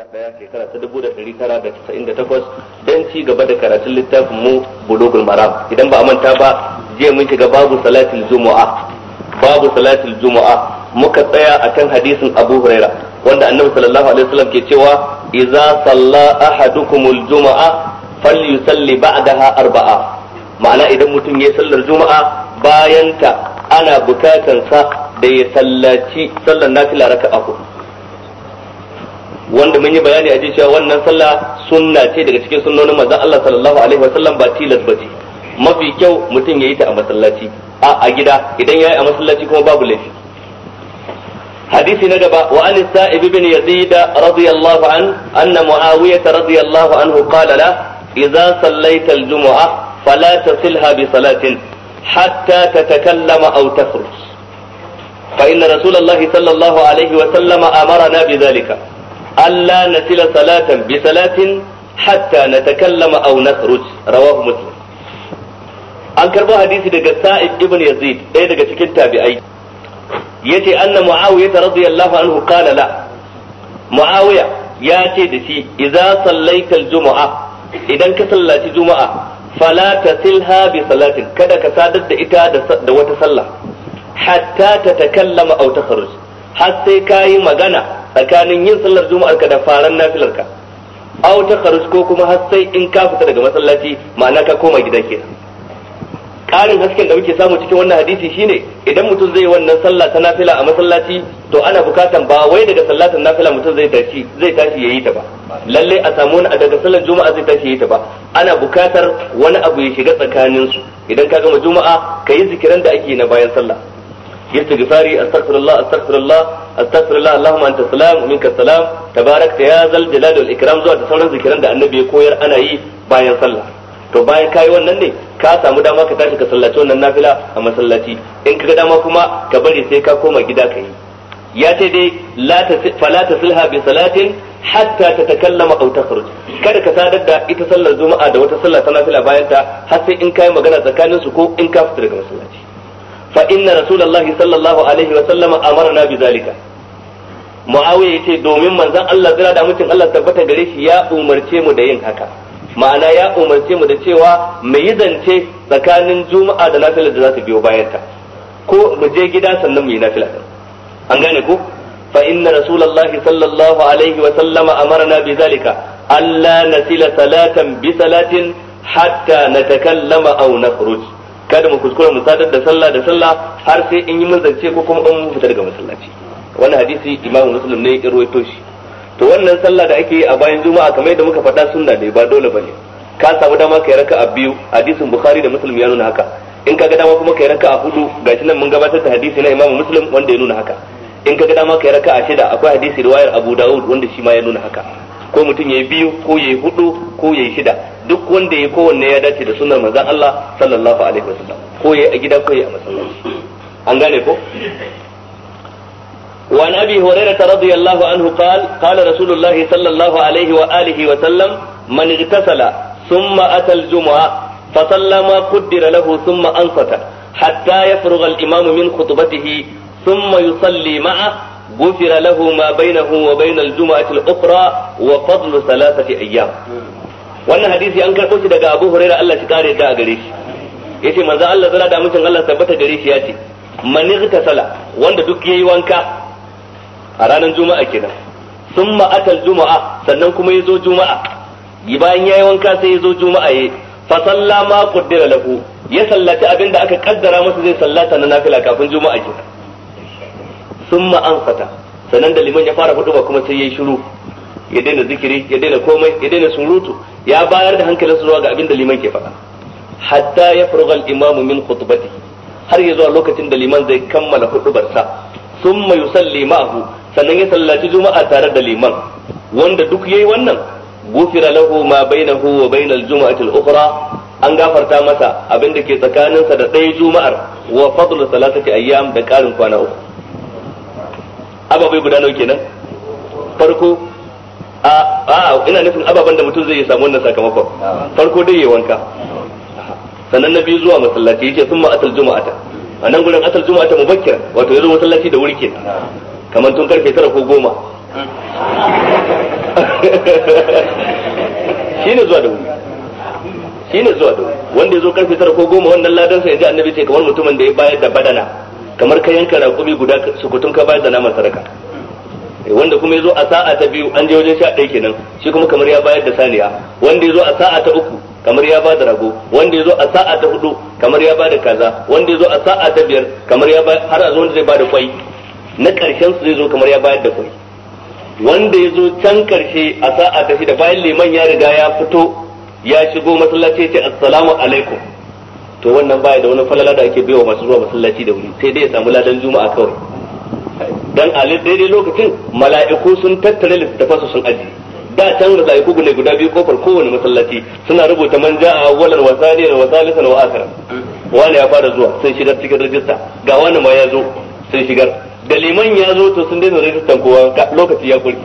2011 shekara ta takwas don ci gaba da karatun littafin mu bulugul maram idan ba a manta ba jiya mun shiga babu salatul jumu'a babu salatul jumu'a muka tsaya akan hadisin Abu Huraira wanda Annabi sallallahu alaihi wasallam ke cewa idza salla ahadukumul jumu'a falyusalli ba'daha arba'a ma'ana idan mutum ya sallar juma'a bayan ta ana bukatansa da ya sallaci sallar nafila raka'a hudu wanda mun yi bayani a ji cewa wannan sallah sunna ce daga cikin sunnonin manzon Allah sallallahu alaihi wasallam ba tilas bace mafi kyau mutum yayi ta a masallaci a a gida idan ya yi a masallaci kuma babu laifi hadisi na gaba wa an sa'ib ibn yazid radiyallahu an anna muawiyah radiyallahu anhu qala la idza sallaita al-jumu'ah fala tasilha bi salatin hatta tatakallama aw takhruj فإن رسول الله صلى الله عليه وسلم أمرنا بذلك alla nasila salatan bi salatin hatta natakallama aw nakhruj rawahu muslim an karbo hadisi daga sa'id ibn yazid ɗaya daga cikin tabi'ai yace anna muawiya radiyallahu anhu qala la muawiya ya ce da shi idza sallaita aljum'a idan ka sallaci juma'a fala tasilha bi salatin kada ka sadar da ita da wata sallah hatta tatakallama aw takhruj har sai kayi magana tsakanin yin sallar juma'ar ka da faran nafilar ka aw ta kharus ko kuma har sai in ka fita daga masallaci ma'ana ka koma gida kenan karin hasken da muke samu cikin wannan hadisi shine idan mutum zai wannan sallah ta nafila a masallaci to ana bukatan ba wai daga sallatan nafila mutum zai tashi zai tashi yayi ta ba lalle a samu wani daga sallar juma'a zai tashi yayi ta ba ana bukatar wani abu ya shiga tsakanin su idan ka gama juma'a ka yi zikiran da ake na bayan sallah istighfari astaghfirullah astaghfirullah astaghfirullah allahumma anta salam minka salam tabarakta ya zal jalal wal ikram zuwa da sauran zikiran da annabi ya koyar ana yi bayan sallah to bayan kayi wannan ne ka samu dama ka tashi ka sallaci wannan nafila a masallaci in ka ga dama kuma ka bari sai ka koma gida ka yi ya ce dai fala ta sulha bi salatin hatta ta takallama aw takhruj kada ka sadar da ita sallar juma'a da wata sallar ta nafila bayan ta har sai in kai magana tsakanin su ko in ka fita daga masallaci fa inna rasulullahi sallallahu alaihi wa sallama amarna bi zalika muawiya yace domin manzon Allah zira da mutum Allah tabbata gare shi ya umarce mu da yin haka ma'ana ya umarce mu da cewa mu yi zance tsakanin juma'a da nafilar da za ta biyo bayan ta ko mu je gida sannan mu yi nafila an gane ko fa inna rasulullahi sallallahu alaihi wa sallama amarna bi zalika alla nasila salatan bi salatin hatta natakallama aw nakhruj kada mu kuskura mu sadar da sallah da sallah har sai in yi mun zance ko kuma in fita daga masallaci wannan hadisi imamu muslim ne ya ruwaito shi to wannan sallah da ake yi a bayan juma'a kamar yadda muka faɗa sunna ne ba dole bane ka samu dama kai a biyu hadisin bukhari da muslim ya nuna haka in ka ga dama kuma kai a hudu gashi nan mun gabatar da hadisi na imamu muslim wanda ya nuna haka in ka ga dama kai a shida akwai hadisi riwayar abu dawud wanda shi ma ya nuna haka ko mutum yi biyu ko yi hudu ko yi shida duk wanda yayi kowanne ya dace da sunnar manzon Allah sallallahu alaihi sallam. ko yi a gida ko yi a masallaci an gane ko وعن ابي هريره رضي الله عنه قال قال رسول الله صلى الله عليه واله وسلم من اغتسل ثم اتى الجمعه فصلى ما قدر له ثم انصت حتى يفرغ الامام من خطبته ثم يصلي معه غفر له ما بينه وبين الجمعة الأخرى وفضل ثلاثة أيام wannan hadisi an karɓo shi daga Abu Hurairah Allah shi kare ta a gare shi yace manzo Allah zara da mutun Allah tabbata gare shi yace man sala wanda duk yayi wanka a ranar juma'a kenan summa atal juma'a sannan kuma yazo juma'a bayan yayi wanka sai yazo juma'a yi. fa salla ma qaddara lahu ya sallata abinda aka kaddara masa zai sallata na nafila kafin juma'a kenan sun ma'ansata sannan da liman ya fara hudu kuma sai ya shiru ya daina zikiri ya daina komai ya daina surutu ya bayar da hankalin su zuwa ga abin da liman ke faɗa hatta ya furga al-imam min khutbati har ya zuwa lokacin da liman zai kammala hudubarsa summa yusalli ma'ahu sannan ya sallaci juma'a tare da liman wanda duk yayi wannan gufira lahu ma bainahu wa bainal juma'a ukhra an gafarta masa abin da ke tsakaninsa da ɗaya juma'ar wa fadlu salatati ayyam da karin kwana uku ababai guda nawa kenan farko a a ina nufin ababan da mutum zai yi samu wannan sakamakon farko dai yayi wanka sannan na biyu zuwa masallaci yace summa atal juma'ata a nan gurin atal juma'ata mubakkira wato yazo masallaci da wuri kenan kamar tun karfe 9 ko 10 shine zuwa da wuri shine zuwa da wuri wanda yazo karfe 9 ko 10 wannan ladan sa yaji annabi ce kamar mutumin da ya bayar da badana kamar ka yanka raƙumi guda sukutun ka bayar da naman sadaka eh, wanda kuma ya zo a sa'a ta biyu an je wajen sha ɗaya kenan shi kuma kamar ya bayar da saniya wanda ya zo a sa'a ta uku kamar ya ba da rago wanda ya zo a sa'a ta hudu kamar ya ba da kaza wanda ya zo a sa'a ta biyar kamar ya ba har a zo wanda zai ba da kwai na karshen su zai zo kamar ya bayar da kwai wanda ya zo can karshe a sa'a ta shida bayan liman ya riga ya fito ya shigo masallaci ya ce assalamu alaikum to wannan baya da wani falala da ake baiwa masu zuwa masallaci da wuri sai dai ya samu ladan juma'a kawai dan a daidai lokacin mala'iku sun tattare su sun aji da can mala'iku ne guda biyu kofar kowane masallaci suna rubuta man a walar wa da wa salisan wa akhir wani ya fara zuwa sun shigar cikin rajista ga wani ma ya zo sun shigar da liman ya zo to sun daina rajistan kowa lokaci ya kulki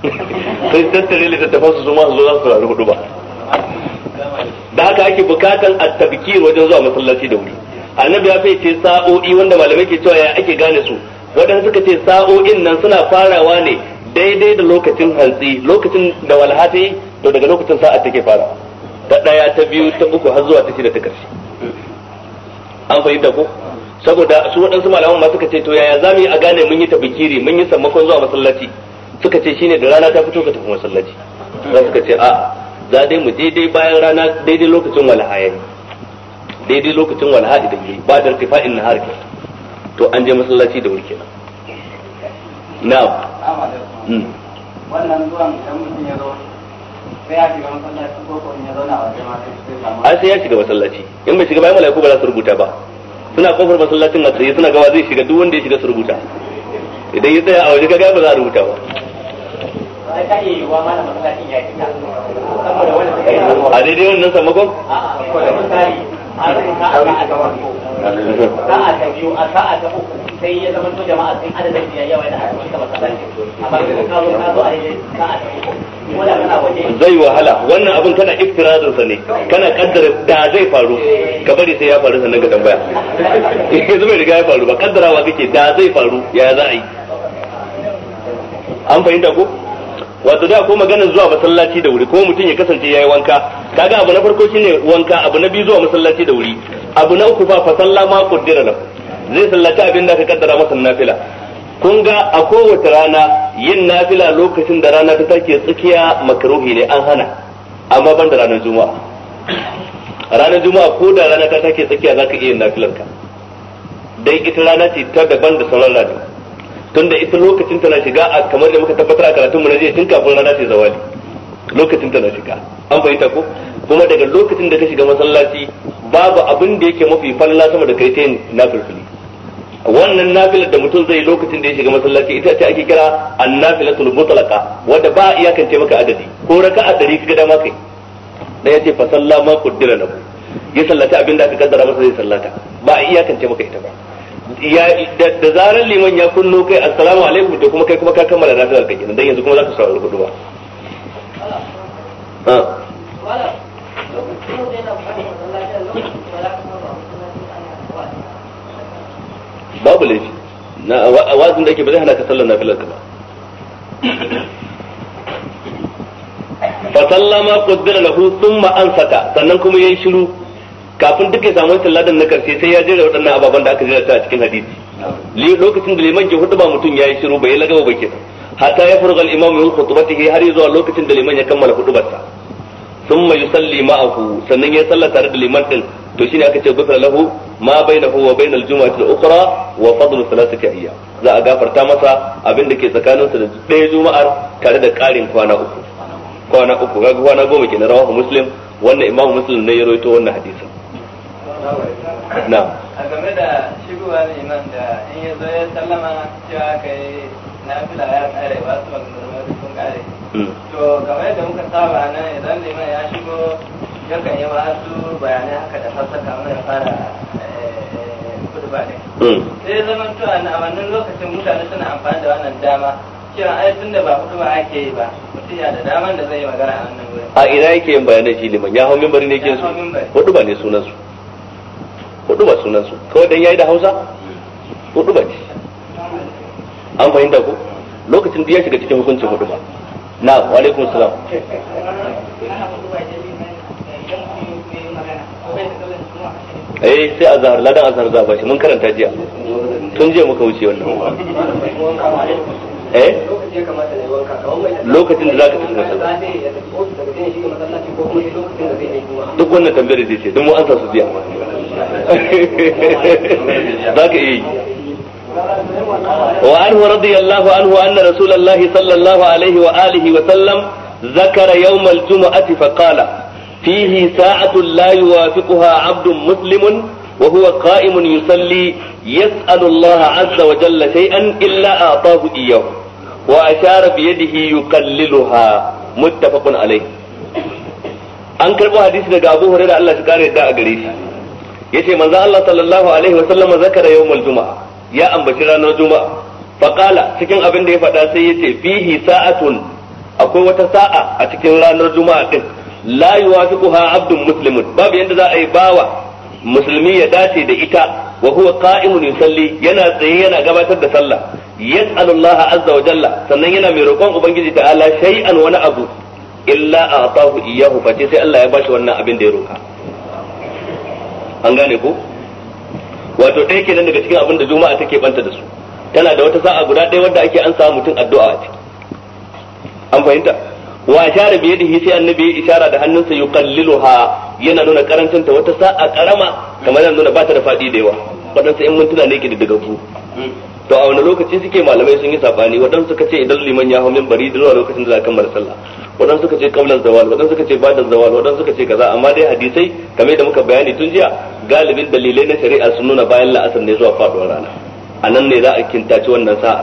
sun tattare littafa su ma su zo za su saurari hudu ba da haka ake bukatan a tabkir wajen zuwa masallaci da wuri annabi ya ce sa'o'i wanda malamai ke cewa ya ake gane su wadanda suka ce sa'o'in nan suna farawa ne daidai da lokacin hantsi lokacin da walhati to daga lokacin sa'a take fara ta daya ta biyu ta uku har zuwa ta shida ta ƙarshe. an fahimta ko saboda su waɗansu malaman ma suka ce to yaya za mu yi a gane mun yi ta bikiri mun yi sammakon zuwa masallaci suka ce shine da rana ta fito ka tafi masallaci za suka ce a za dai mu daidai bayan rana daidai lokacin walha yayi daidai lokacin walha da yi ba da in har ke to an je masallaci da wuri kenan na'am hmm. wannan zuwan idan mutum ya zo sai ya shiga masallaci ko ko ya zauna a wajen ma sai sai ya shiga masallaci in bai shiga bayan malaiku ba za su rubuta ba suna kofar masallacin a tsaye suna gawa zai shiga duk wanda ya shiga su rubuta idan ya tsaya a waje kaga ba za a rubuta ba a daidai wannan sammakon? sa'a ta biyu a sa'a ta uku sai ya zama to jama'a sun adadin da yawa da aka shiga masallaci amma idan ka zo ka zo a daidai sa'a ta uku zai wahala wannan abin kana iftirazin sa ne kana kaddara da zai faru ka bari sai ya faru sannan ka tambaya yanzu bai riga ya faru ba kaddarawa kake da zai faru ya za a yi an fahimta ko wato da ko magana zuwa masallaci da wuri ko mutum ya kasance yayi wanka kaga abu na farko shine wanka abu na biyu zuwa masallaci da wuri abu na uku fa fa ma qaddara lahu zai sallaci abin da ka kaddara masa nafila kun ga a kowace rana yin nafila lokacin da rana ta take tsakiya makruhi ne an hana amma ban da ranar juma'a ranar juma'a ko da rana ta take tsakiya zaka iya nafilar ka dai ita rana ce ta daban da sauran rana tunda ita lokacin tana shiga a kamar da muka tabbatar a karatunmu na jiya tun kafin rana ta zawali lokacin tana shiga an fahimta ko kuma daga lokacin da ka shiga masallaci babu abin da yake mafi falla sama da kai ta yin nafilfili wannan nafilar da mutum zai lokacin da ya shiga masallaci ita ce ake kira annafilatul mutlaqa wanda ba iyakance maka adadi ko raka'a dari kaga dama kai da yace fa sallama qaddara lahu ya sallata abinda aka kaddara masa zai sallata ba iyakance maka ita ba da zarar liman ya kunno kai assalamu alaikum to kuma kai kuma ka kammala na ka kenan dan yanzu kuma za ka saurari hudu ba babu laifi na wazin da ake ba zai hana ka sallar na ka ba fa sallama qaddara lahu thumma ansaka sannan kuma yayi shiru kafin duk ya samu wancan ladan na karshe sai ya jira waɗannan ababen da aka jira ta a cikin hadisi lokacin da liman ke hudu ba mutum ya yi shiru bai laga ba ke hatta ya furgal imam min khutbatihi har zuwa lokacin da liman ya kammala ba salli ma a ma'ahu sannan ya salla tare da liman din to shine aka ce gufra lahu ma bainahu wa bainal jumu'ati al-ukhra wa fadlu thalathati ayyam za a gafarta masa abin da ke tsakaninsa da ɗaya juma'ar tare da ƙarin kwana uku kwana uku kaga kwana goma kenan rawahu muslim wannan imam muslim ne ya rawaito wannan hadisin na a game da shigowar liman da in ya zo ya sallama cewa ka yi nafila ya kare ba su maganganu sun kare mm. to game da muka saba nan idan liman ya shigo yakan yi wasu bayanai haka da sassaka mai fara eh, kudu ba ne mm. sai zaman tuwa na wannan lokacin mutane suna amfani da wannan dama cewa ai tun da ba kudu ba ake yi ba mutum ya da daman da zai yi magana a wannan wurin a ina yake yin bayanai shi liman ya hau mimbari ne ke su hudu ba ne sunan su hudu ba sunan su kawai dan yayi da Hausa hudu ba an fahimta ko lokacin da ya shiga cikin hukuncin hudu ba na wa alaikum salam eh sai azhar ladan azhar za ba shi mun karanta jiya tun jiya muka wuce wannan eh lokacin da zaka tafi masallaci duk wannan tambayar zai ce duk mu ansa su biya zaka yi wa anhu radiyallahu anhu anna rasulullahi sallallahu alaihi wa alihi wa sallam ذكر يوم الجمعة فقال فيه ساعة لا يوافقها عبد مسلم وهو قائم يصلي يسأل الله عز وجل شيئا إلا أعطاه إياه wa ashara bi yadihi yuqalliluha muttafaqun alayh an karbo hadisi daga Abu Hurairah Allah ya kare da a gare shi yace manzo Allah sallallahu alaihi wa sallam zakara yawmul juma'a ya ambaci ranar juma'a faqala cikin abin da ya faɗa sai yace fihi sa'atun akwai wata sa'a a cikin ranar juma'a din la yuwafiquha abdun muslimun babu yanda za a yi bawa musulmi ya dace da ita wa huwa qa'imun yusalli yana tsaye yana gabatar da sallah yas'alu Allah azza wa jalla sannan yana mai roƙon ubangiji ta'ala shay'an wani abu illa a'tahu iyyahu fa sai Allah ya bashi wannan abin da ya roƙa. an gane ko wato ɗaya kenan daga cikin abin da juma'a take banta da su tana da wata sa'a guda ɗaya wadda ake an samu mutum addu'a a ciki an fahimta wa ashara bi yadihi sai annabi ya isara da hannunsa yuqalliluha yana nuna karancin ta wata sa'a karama kamar yana nuna bata da fadi da yawa waɗansu in mintuna ne ke da ku to a wani lokaci suke malamai sun yi sabani wadansu suka ce idan liman ya hau minbari zuwa lokacin da za a kammala sallah waɗansu suka ce kablan zawal waɗansu suka ce badan zawal waɗansu suka ce kaza amma dai hadisai kamar da muka bayani tun jiya galibin dalilai na shari'a sun nuna bayan la'asar ne zuwa faduwar rana a nan ne za a kintaci wannan sa'a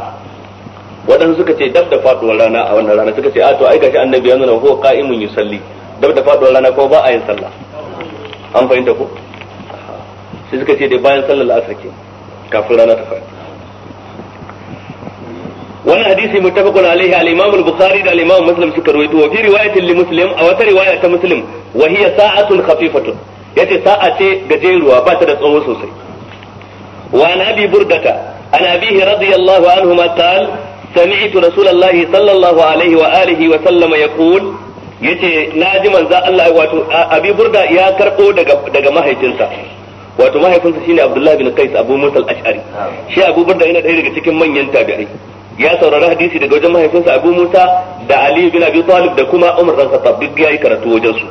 waɗansu suka ce dab da faduwar rana a wannan rana suka ce a to ai gashi annabi ya nuna ko qa'imun yusalli dab da faduwar rana ko ba a yin sallah an fahimta ko sai suka ce dai bayan sallar asar ke kafin rana ta fara wani hadisi muttafaqun alaihi al-imam al-bukhari da al-imam muslim suka rawaito wa fi riwayatin li muslim a wata riwaya ta muslim wa hiya sa'atun khafifatun yace sa'a ce gajeruwa ba ta da tsawo sosai wa an abi burdata an abihi radiyallahu anhu ma qala sami'tu rasulullahi sallallahu alaihi wa alihi wa sallama yaqul yace na ji manzo Allah wato Abi Burda ya karbo daga daga mahaifinsa wato mahaifinsa shine Abdullah bin Qais Abu musal ashari shi Abu Burda yana ɗaya daga cikin manyan tabi'ai ya saurari hadisi daga wajen mahaifinsa Abu Musa da Ali bin Abi Talib da kuma Umar bin Khattab duk yayi karatu wajen su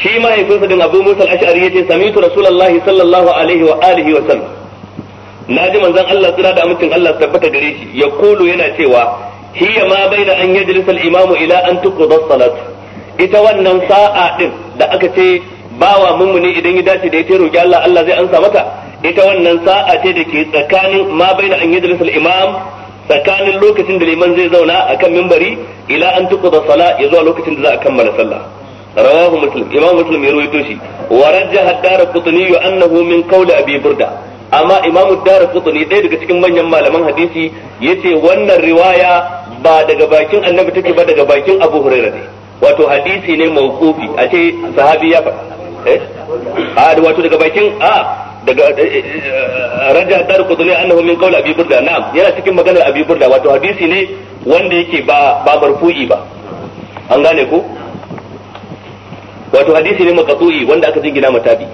shi mahaifinsa din Abu musal ashari yace sami'tu Rasulullahi sallallahu alaihi wa alihi wa sallam ji manzon Allah tsira da amincin Allah tabbata gare shi ya kulu yana cewa hiya ma baina an yajlisa al-imamu ila an tuqda as-salat ita wannan sa'a din da aka ce bawa mummuni idan ya dace da ya roki Allah Allah zai ansa mata ita wannan sa'a ce da ke tsakanin ma baina an yajlisa al-imam tsakanin lokacin da liman zai zauna akan mimbari ila an tuqda sala ya zuwa lokacin da za a kammala sallah rawahu muslim imam muslim ya rawaito amma imamu dara kutuni ɗaya daga cikin manyan malaman hadisi ya ce wannan riwaya ba daga bakin annabi take ba daga bakin abu huraira ne wato hadisi ne mawqufi a ce sahabi ya faɗa eh? a wato daga bakin a daga eh, eh, raja dar kutuni annahu min qawl abi burda na'am yana cikin maganar abi burda wato hadisi ne wanda yake ba ba marfu'i ba an gane ko wato hadisi ne makatu'i wanda aka jingina matabi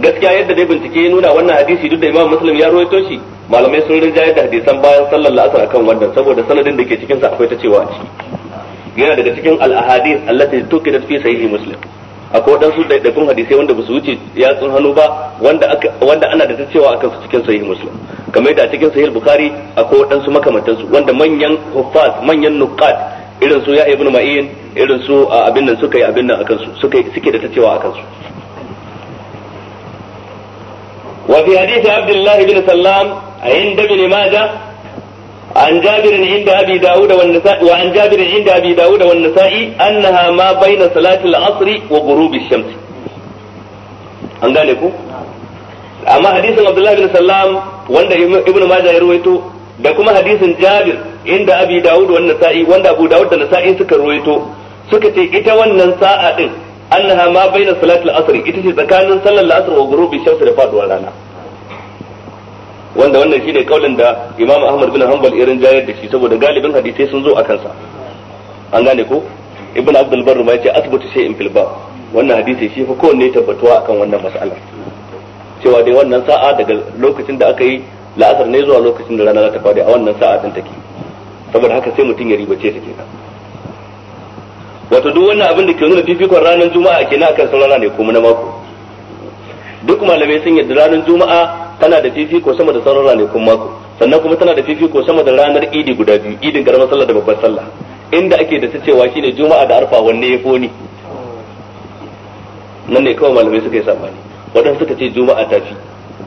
gaskiya yadda dai bincike ya nuna wannan hadisi duk da imam muslim ya ruwaito shi malamai sun rinja yadda hadisan bayan sallar la'asar akan wannan saboda sanadin da ke cikin sa akwai ta cewa a ciki yana daga cikin al-ahadith allati tuqidat fi sahihi muslim akwai wadansu daidaikun hadisai wanda ba su wuce yatsun hannu ba wanda aka wanda ana da ta cewa akan su cikin sahihi muslim kamar yadda a cikin sahih bukhari akwai wadansu makamantansu wanda manyan huffaz manyan nuqat irin su ya ibnu ma'in irin su abin nan suka yi abin nan akan su suke da ta cewa akan su وفي حديث عبد الله بن سلام عند ابن ماجه عن جابر عند أبي داود والنسائي وعن جابر عند أبي داود والنسائي أنها ما بين صلاة an gane ku amma hadisin Abdullah bin Sallam wanda Ibn Majah ya ruwaito da kuma hadisin Jabir inda Abi Dawud wannan sa'i wanda Abu Dawud da Nasa'i suka ruwaito suka ce ta wannan sa'a din annaha ma baina al asr ita ce tsakanin sallar la'asar wa gurubi shamsu da faduwar rana wanda wannan shine kaulin da Imam Ahmad bin Hanbal irin jayar da shi saboda galibin hadisai sun zo akan sa an gane ko Ibn Abdul Barr ma yace asbatu shay'in fil bab wannan hadisi shi fa kowanne tabbatuwa akan wannan mas'ala cewa dai wannan sa'a daga lokacin da aka yi la'asar ne zuwa lokacin da rana za ta fadi a wannan sa'a din take saboda haka sai mutum ya ribace ta kenan wato duk wannan abin da ke nuna fifikon ranar juma'a kenan akan sauran ne kuma na mako duk malamai sun yadda ranar juma'a tana da fifiko sama da sauran ne kuma mako sannan kuma tana da fifiko sama da ranar idi guda biyu idin karamar sallah da babbar sallah inda ake da su cewa shine juma'a da arfa wanne ya foni nan ne kawai malamai suka yi sabani waɗansu suka ce juma'a ta fi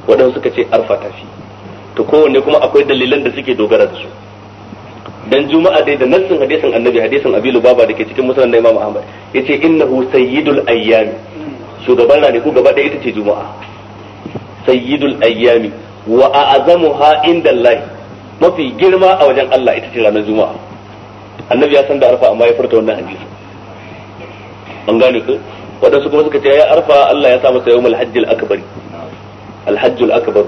waɗansu suka ce arfa ta fi to kowanne kuma akwai dalilan da suke dogara da su dan juma'a dai da nassin hadisin annabi hadisin abilu da dake cikin musulun da imam ahmad yace innahu sayyidul ayyam shugaban ko gaba ɗaya ita ce juma'a sayyidul ayyami wa a'zamuha indallahi mafi girma a wajen Allah ita ce ranar juma'a annabi ya san da arfa amma ya furta wannan hadisi an gane ko waɗansu kuma suka ce ya arfa Allah ya sa masa yawmul hajjil akbar al hajjul akbar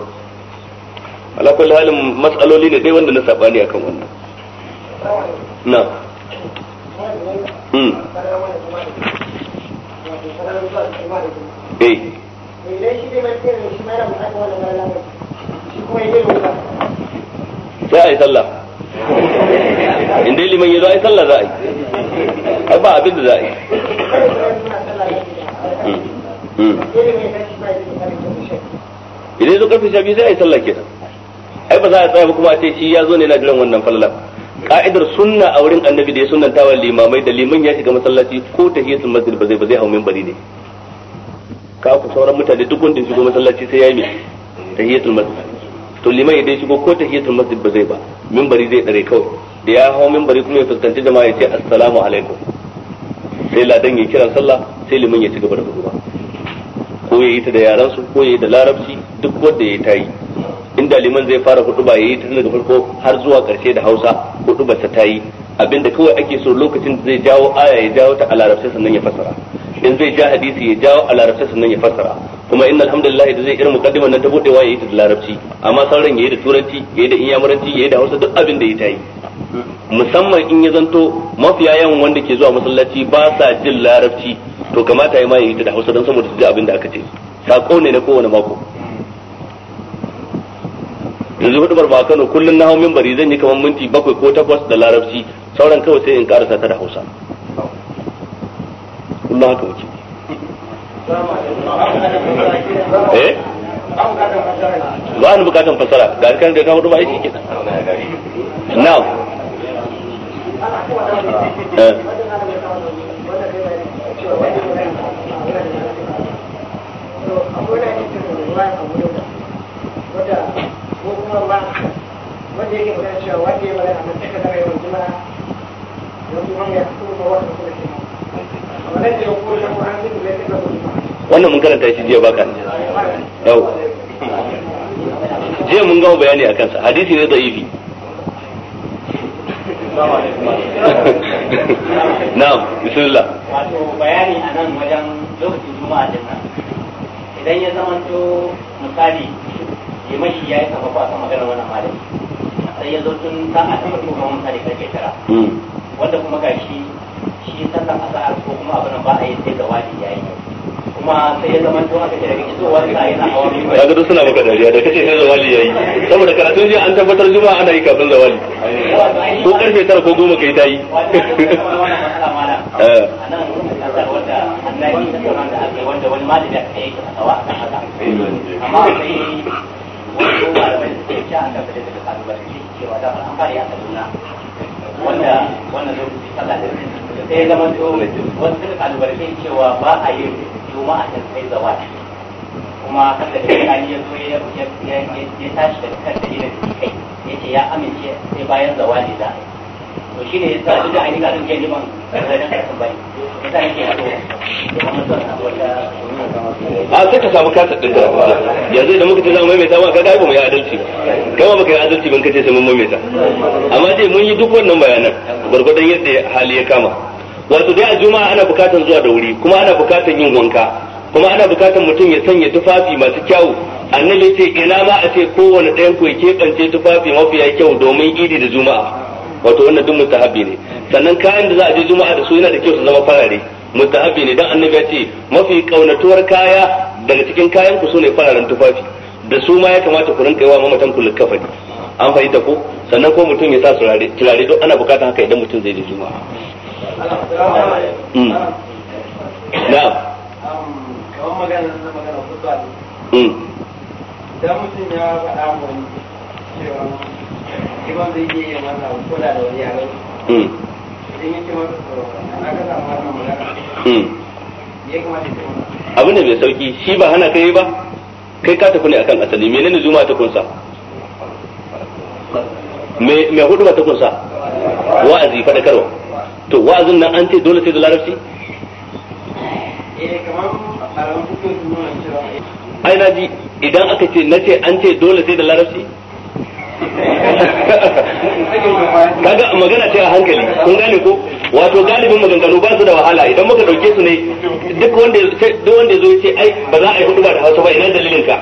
ala kulli halin mas'aloli ne dai wanda na sabani akan wannan na hmm eh za a yi sallah inda dai liman ya zo a yi sallah za a yi ba abin da za a yi hmm. Hmm. idan zo karfe sha biyu sai a yi sallah kenan ai ba za a tsaya ba kuma a ce shi ya zo ne na jiran wannan fallan ka'idar sunna a wurin annabi da ya sunnanta wa limamai da liman ya shiga masallaci ko sun masjid ba zai ba zai hau mimbari ne ka ku sauran mutane duk wanda ya shigo masallaci sai ya yi ta tahiyatul masjid to liman idan shigo ko ta tahiyatul masjid ba zai ba mimbari zai dare kawai da ya hau mimbari kuma ya fuskanci jama'a ya ce assalamu alaikum sai ladan ya kira sallah sai liman ya ci gaba da hudu ko ya yi ta da yaran su ko ya yi da larabci duk wanda ya yi ta yi inda liman zai fara hudu ba ya yi ta daga farko har zuwa karshe da hausa hudu ba ta yi abinda kawai ake so lokacin da zai jawo aya ya jawo ta a larabce sannan ya fassara in zai ja hadisi ya jawo a larabce sannan ya fassara kuma inna alhamdulillah da zai irin mukaddimar nan ta bude waye ta da larabci amma sauran yayi da turanci yayi da inyamuranci yayi da hausa duk abin da ya tayi musamman in ya zanto mafiya yawan wanda ke zuwa masallaci ba sa jin larabci to kamata ya ma yayi ta da hausa don saboda su ji abin da aka ce sako ne na kowane mako yanzu hudubar ba Kano kullun na hau minbari zan yi kamar minti bakwai ko takwas da larabci sauran kawai sai in karasa ta da Hausa kullum haka wuce eh ba ni bukatan fasara ga kan ga hudu ba yake kenan na'am Yeah. a wannan mun karanta shi jiya baka yau jiya mun gawo bayani a kansa hadisi ne da ifi na'am bismillah wato bayani a nan wajen lokacin juma'a idan ya zamanto misali liman shi ya yi sama ba kan magana wannan malami sai ya zo tun ta a sama tuba mun sani karfe tara hmm. wanda kuma ga shi shi sallan asa'ar ko kuma abin ba a yi sai da wani ya yi kuma sai ya zama tun ka ce daga iso wani a yi na hawa biyu ya gado suna maka dariya da kace sai zawali ya yi saboda karatun jiya an tabbatar juma ana yi kafin zawali ko karfe tara ko goma kai ta eh. yi wanda wani malami ya kai yake a haka eh. amma sai wato malamai da suke daga da an fara juna wanda da sai to cewa ba a yin juma'a sai kuma kan da kai ya zo ya tashi kan da ya ce ya amince sai bayan zawali za a yi to shi ne yasa duk da a riga sun jima a sai ka samu kasa ɗin da yanzu da muka ce za mu maimaita ma kaga ba mu yi adalci ba baka yi adalci ban kace sai mun maimaita amma dai mun yi duk wannan bayanan gwargwadon yadda hali ya kama wato dai a juma'a ana bukatan zuwa da wuri kuma ana bukatan yin wanka kuma ana bukatar mutum ya sanya tufafi masu kyau annabi ce ina ma a ce kowane ɗayan ku ya keɓance tufafi mafiya kyau domin idi da juma'a wato wannan duk mustahabi ne sannan kayan da za a je juma'a da su yana da kyau su zama farare mustahabi ne dan annabi ya ce mafi kaunatuwar kaya daga cikin kayan ku sune fararen tufafi da su ma ya kamata ku rinka yawa mamatan ku likafani an fahimta ko sannan ko mutum ya sa turare turare don ana bukatar haka idan mutum zai je juma'a mm. na'am kamar magana na magana mm. idan mutum ya faɗa mu cewa imam da abu ne mai sauki shi ba hana kai ba kai ka tafi ne akan asali menene zuma ta kunsa me hudu ba ta kunsa wa'azi fadakarwa to wa'azin nan an ce dole sai da larabci ai na ji idan aka ce na ce an ce dole sai da larabci kaga magana ce a hankali kun gane ko wato galibin maganganu ba su da wahala idan muka dauke su ne duk wanda duk wanda zo ce ai ba za a yi hudu ba da Hausa ba ina dalilin ka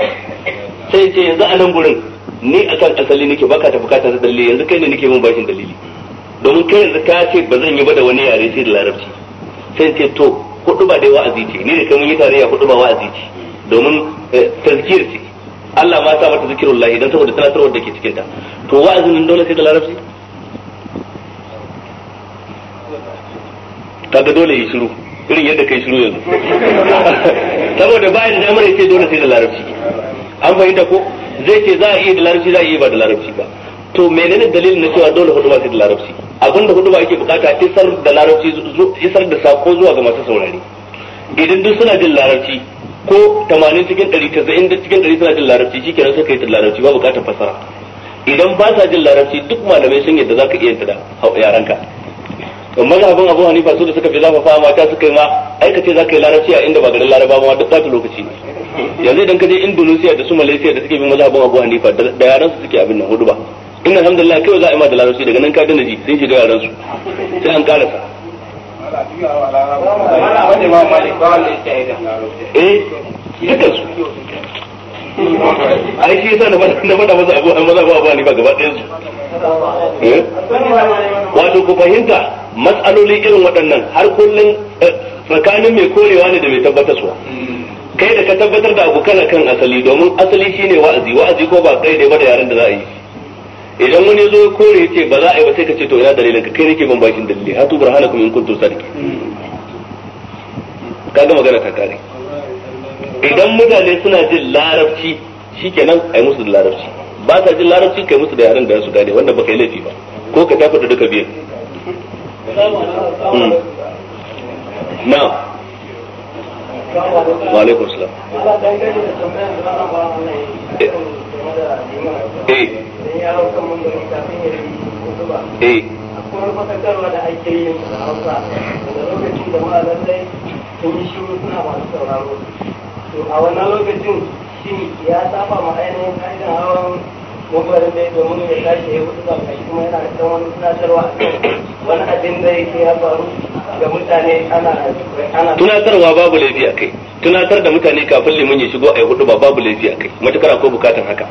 sai ce yanzu a nan gurin ni akan asali nake baka ta bukata ta dalili yanzu kai ne nake mun bashin dalili domin kai yanzu ka ce ba zan yi ba da wani yare sai da larabci sai ce to hudu ba dai wa'azi ce ni da kai mun yi tarayya hudu ba wa'azi ce domin eh, tazkiyar ce Allah ma sa mata lahi dan saboda tunatarwar da ke cikin ta to wa nan dole sai da larabci kaga dole yi shiru irin yadda kai shiru yanzu saboda bayan da amurai ce dole sai da larabci an fahimta ko zai ce za a iya da larabci za a iya ba da larabci ba to menene dalilin na cewa dole hudu ba sai da larabci abin da hudu ba yake bukata isar da larabci isar da sako zuwa ga masu saurari idan duk suna jin larabci ko 80 cikin 100 90 cikin 100 suna jin larabci shi kenan suka yi ta larabci ba bukatar fasara idan ba sa jin larabci duk malamai sun yadda zaka iya da yaranka don mazhabin Abu Hanifa su da suka fi zafafa mata suka yi ma aikace ka yi larabci a inda ba garin Laraba ba duk ɓata lokaci yanzu idan ka je Indonesia da su Malaysia da suke bin mazhabin Abu Hanifa da yaran su suke abin nan hudu ba ina alhamdulillah kai za a yi ma da larabci daga nan ka dana ji sun shiga yaran su sai an karasa eh duka su abu maza ba ba ne ba gaba su eh, wato ku matsaloli irin waɗannan har kullum tsakanin mai korewa ne da mai tabbatarwa kai da ka tabbatar da abu kana kan asali domin asali shi ne wa'azi wa'azi ko ba kai ne ba da yaren da za a yi idan wani zo kore ce ba za a yi sai ka ce to ina dalilin ka kai nake ban bakin dalili hatu burhanakum in kuntum sadiqin kaga magana ta kare idan mutane suna jin larabci shikenan ai musu da larabci ba sa jin larabci kai musu da yaran da su gane wanda baka yi laifi ba ko ka tafi da duka biyar. Hmm. na'am wa alaikum da ake eh. eh. eh. to a wannan lokacin shi ya saba ma ainihin ka'idan hawan da tunatarwa mutane babu laifi a kai tunatar da mutane kafin limin ya shigo a yi hudu ba babu laifi a kai matukar akwai bukatan haka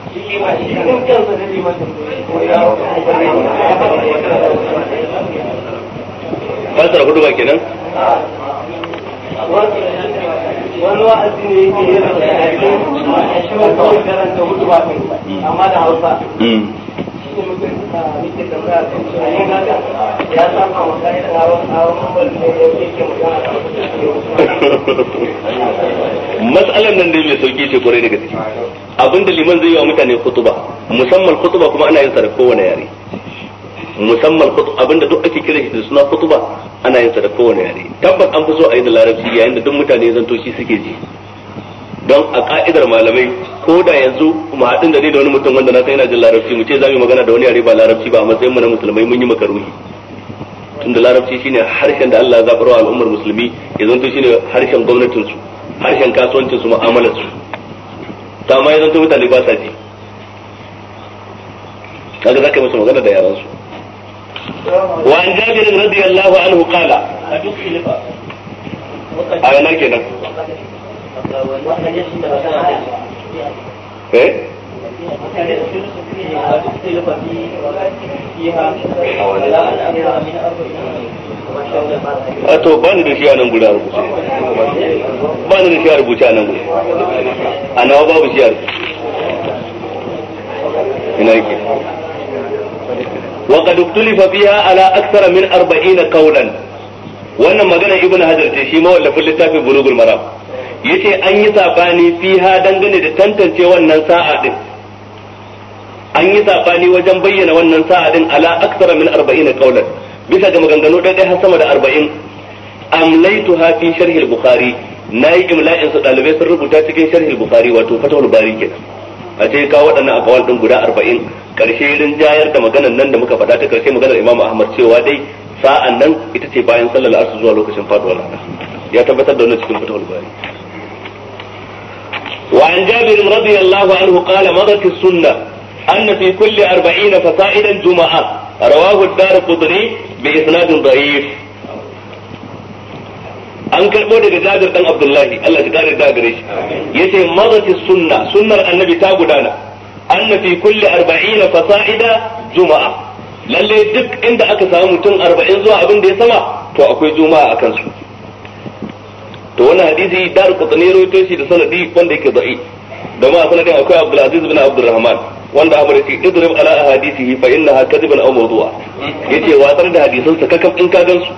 fasar hudu ba kenan ah. wani wa'azi ne yake yin a shi wani kawai karanta hudu ba kai amma da hausa hmm. matsalar nan dai mai sauki ce kwarai da gaske abinda liman zai yi wa mutane kutuba musamman kutuba kuma ana yin sa da kowane yare musamman abinda duk ake kira shi da suna kutuba ana yin sa da kowane yare tabbas an fi so a yi da larabci yayin da duk mutane zanto shi suke ji don a ka'idar malamai ko da yanzu mu haɗin da da wani mutum wanda na san yana jin larabci mu ce za mu magana da wani yare ba larabci ba a matsayin mu na musulmai mun yi makaruhi tunda larabci shine harshen da Allah ya zaɓar wa al'ummar musulmi ya zanto shine harshen gwamnatin su harshen kasuwancin su mu'amalar su ta ma ya zanto mutane ba sa ji kaga zaka yi musu magana da yaran su وعن جابر رضي الله عنه قال a yana ايه to da shi a nan guda rubuce bani da shi a rubuce a nan guda a nawa babu shi a rubuce ina yake وقد اختلف فيها على ala من min 40 qawlan wannan magana ibnu hajar ce shi mawallafin littafin bulugul maram yace an yi sabani fiha dangane da tantance wannan sa'a din an yi sabani wajen bayyana wannan sa'a din ala akthara min 40 qawlan bisa ga maganganu daidai har sama da 40 amlaituha fi sharh al-bukhari nayi imla'in su dalibai sun rubuta cikin sharh al-bukhari wato fatawul bari kenan a ce ka waɗannan akawal ɗin guda arba'in karshe rinjayar da maganar nan da muka faɗa ta ƙarshe maganar imam ahmad cewa dai sa'an nan ita ce bayan sallar asr zuwa lokacin faduwar rana ya tabbatar da wannan cikin fatawul bari وعن جابر رضي الله عنه قال مضت السنة أن في كل أربعين فصائلا جمعة رواه الدار قطني بإسناد ضعيف an karbo daga jabir dan abdullahi Allah ya kare da gare shi yace madati sunna sunnar annabi ta gudana anna fi kulli 40 fasa'ida juma'a lalle duk inda aka samu mutum 40 zuwa abin da ya sama to akwai juma'a akan su to wannan hadisi dar qutni rawaito shi da sanadi wanda yake da'i da ma sanadin akwai Abdul Aziz bin Abdul Rahman wanda Amr yake idrib ala ahadisihi fa innaha kadhiban aw mawdu'a yace watsar da hadisan sa kakan in ka gansu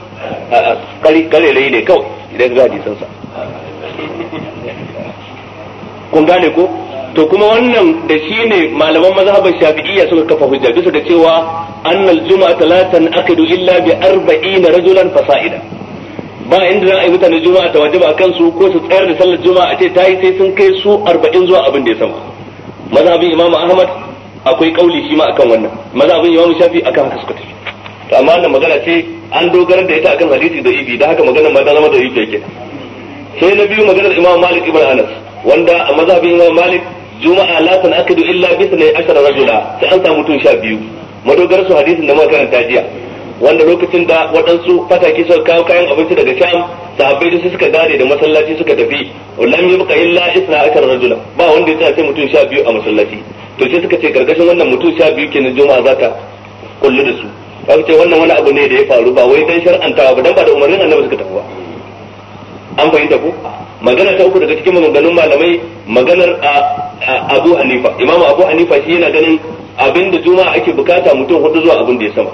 kare kare ne kawai idan ga hadisan sa kun gane ko to kuma wannan da shi ne malaman mazhabar shafi'iyya suka kafa hujja bisa da cewa annal juma'ata la akadu illa bi arba'ina rajulan fasa'ida ba inda za a yi mutane juma'a ta wajaba kan su ko su tsayar da sallar juma'a a ce ta yi sai sun kai su arba'in zuwa abin da ya sama mazhabin imam ahmad akwai kauli shi ma akan wannan mazhabin imam shafi akan haka suka tafi amma wannan magana ce an dogara da ita akan hadisi da ibi da haka magana ma ta zama da ibi yake sai na biyu magana imam malik ibn anas wanda a mazhabin imam malik juma'a la tanakadu illa bi 12 rajula sai an samu mutum 12 madogarar su hadisin da muka karanta jiya wanda lokacin da waɗansu fataki suka kawo kayan abinci daga sham sahabbai da suka gane da masallaci suka tafi ya baka illa isna akar rajula ba wanda ya tsaya sai mutum sha biyu a masallaci to sai suka ce gargashin wannan mutum sha biyu kenan juma'a zaka kullu da su ka ce wannan wani abu ne da ya faru ba wai dan shar'antawa ba dan ba da umarnin annabi suka tafi ba an fahimta ko magana ta uku daga cikin maganganun malamai maganar Abu Hanifa Imam Abu Hanifa shi yana ganin abin da juma'a ake bukata mutum hudu zuwa abin da ya sama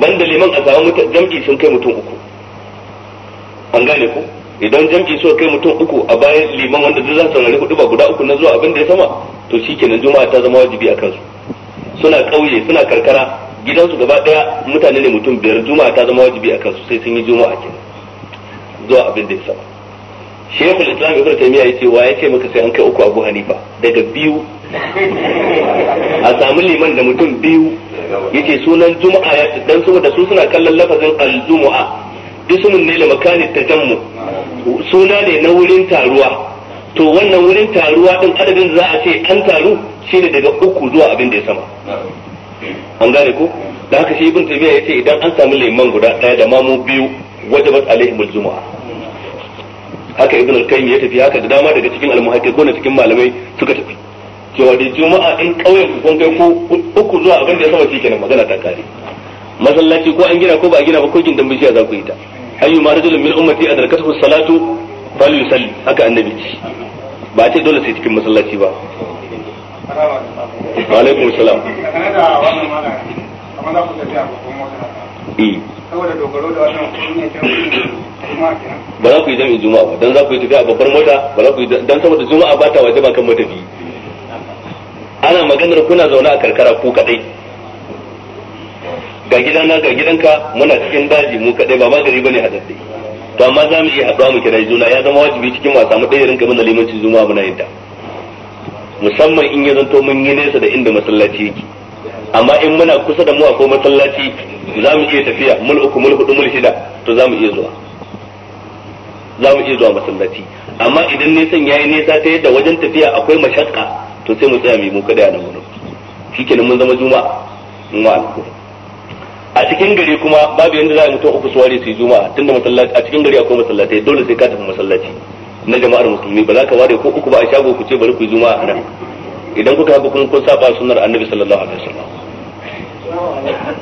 banda liman a samu jam'i sun kai mutum uku an gane ku idan jam'i suka kai mutum uku a bayan liman wanda duk za su saurari hudu ba guda uku na zuwa abin da ya sama to shikenan juma'a ta zama wajibi a kansu suna kauye suna karkara gidansu gaba daya mutane ne mutum biyar juma'a ta zama wajibi a kansu sai sun yi juma'a ke zuwa abin da ya saba shekul islam ibn taymiya yace wa yace maka sai an kai uku abu hanifa daga biyu a samu liman da mutum biyu yace sunan juma'a ya dan saboda su suna kallon lafazin al-juma'a ismun ne makani tajammu suna ne na wurin taruwa to wannan wurin taruwa din adadin za a ce an taru shine daga uku zuwa abin da ya sama an gane ko da haka shi ibn taymiya yace idan an samu liman guda daya da mamu biyu wajabat alaihimul jumu'a haka ibn al-qayyim ya tafi haka da dama daga cikin al-muhaqqiqun na cikin malamai suka tafi cewa da juma'a in kauyen ku kun kai ko uku zuwa abin da ya saba shi magana ta kare masallaci ko an gina ko ba a gina ba ko kin dan bishiya za ku yi ta ayyu ma rajulun min ummati adrakathu salatu falyusalli haka annabi ba ce dole sai cikin masallaci ba wa salam ba za za ku yi a babbar mota ba za ana maganar kuna zaune a karkara ku kadai ga gidana ga gidanka muna cikin daji mu kadai ba magari bane to amma za mu iya haɗuwa mu kira juna ya zama wajibi cikin wasa mu ɗaya rinka muna limanci juma'a muna yin ta musamman in ya zanto mun yi nesa da inda masallaci yake amma in muna kusa da mu a ko masallaci za mu iya tafiya mul uku mul hudu mul shida to za mu iya zuwa za mu iya zuwa masallaci amma idan nisan yayi nesa ta yadda wajen tafiya akwai mashakka to sai mu tsaya mu da yanar wani shi shikenan mun zama juma'a mun wa a cikin gari kuma babu yadda za a mutum uku su ware su yi juma'a tunda masallaci a cikin gari akwai masallatai dole sai ka tafi masallaci na jama'ar musulmi ba za ka ware ko uku ba a shago ku ce bari ku yi juma'a a nan idan kuka haka kuma kun saba sunnar annabi sallallahu alaihi wasallam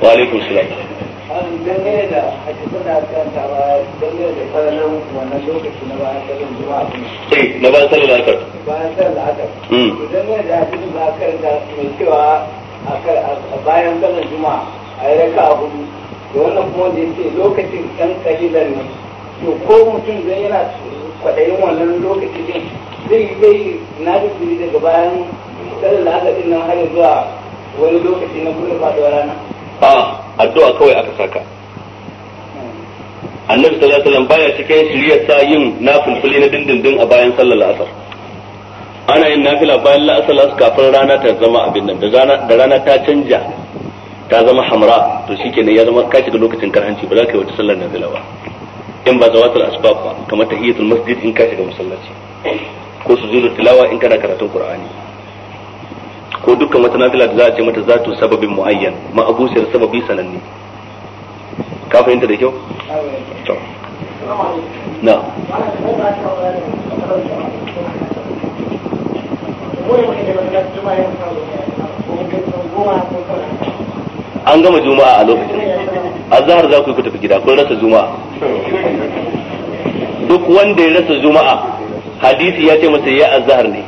wa alaikum salam ba eh, akar bayan sallan hmm. a bayan juma'a a yi raka a da wannan kuma ce lokacin ɗan ne to ko mutum zai yana kwaɗayin wannan lokaci din zai zai na jiri daga bayan tsarin da aka nan har zuwa wani lokaci na kuma faɗuwar rana. a addu'a kawai aka saka annabi sallallahu alaihi wasallam baya cikin shiriyar sa yin nafilfili na dindindin a bayan sallar asar ana yin nafila bayan la'asar kafin rana ta zama abin nan da rana ta canja ta zama hamra to shikenan ya zama kashi da lokacin karhanci ba za ka yi wata sallar nafila ba in ba zawatul asbab ba kamar tahiyatul masjid in ka shiga masallaci ko su zuru tilawa in kana karatun qur'ani ko dukkan wata nafila da za a ce mata za zatu sababin muayyan ma abusir sababi sananne ka fahimta da kyau na an gama juma'a a lokacin azhar za ku tafi gida kun rasa juma'a duk wanda ya rasa juma'a hadisi ya ce masa ya azhar ne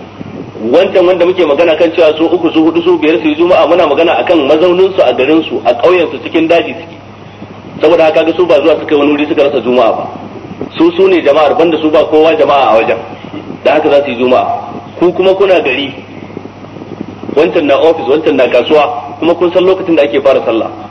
wancan wanda muke magana kan cewa su uku su hudu su biyar su juma'a muna magana akan mazaunin su a garin su a ƙauyen su cikin daji suke saboda haka ga su ba zuwa suka wani wuri suka rasa juma'a ba su su ne jama'ar banda su ba kowa jama'a a wajen da haka za su yi juma'a ku kuma kuna gari wancan na ofis wancan na kasuwa kuma kun san lokacin da ake fara sallah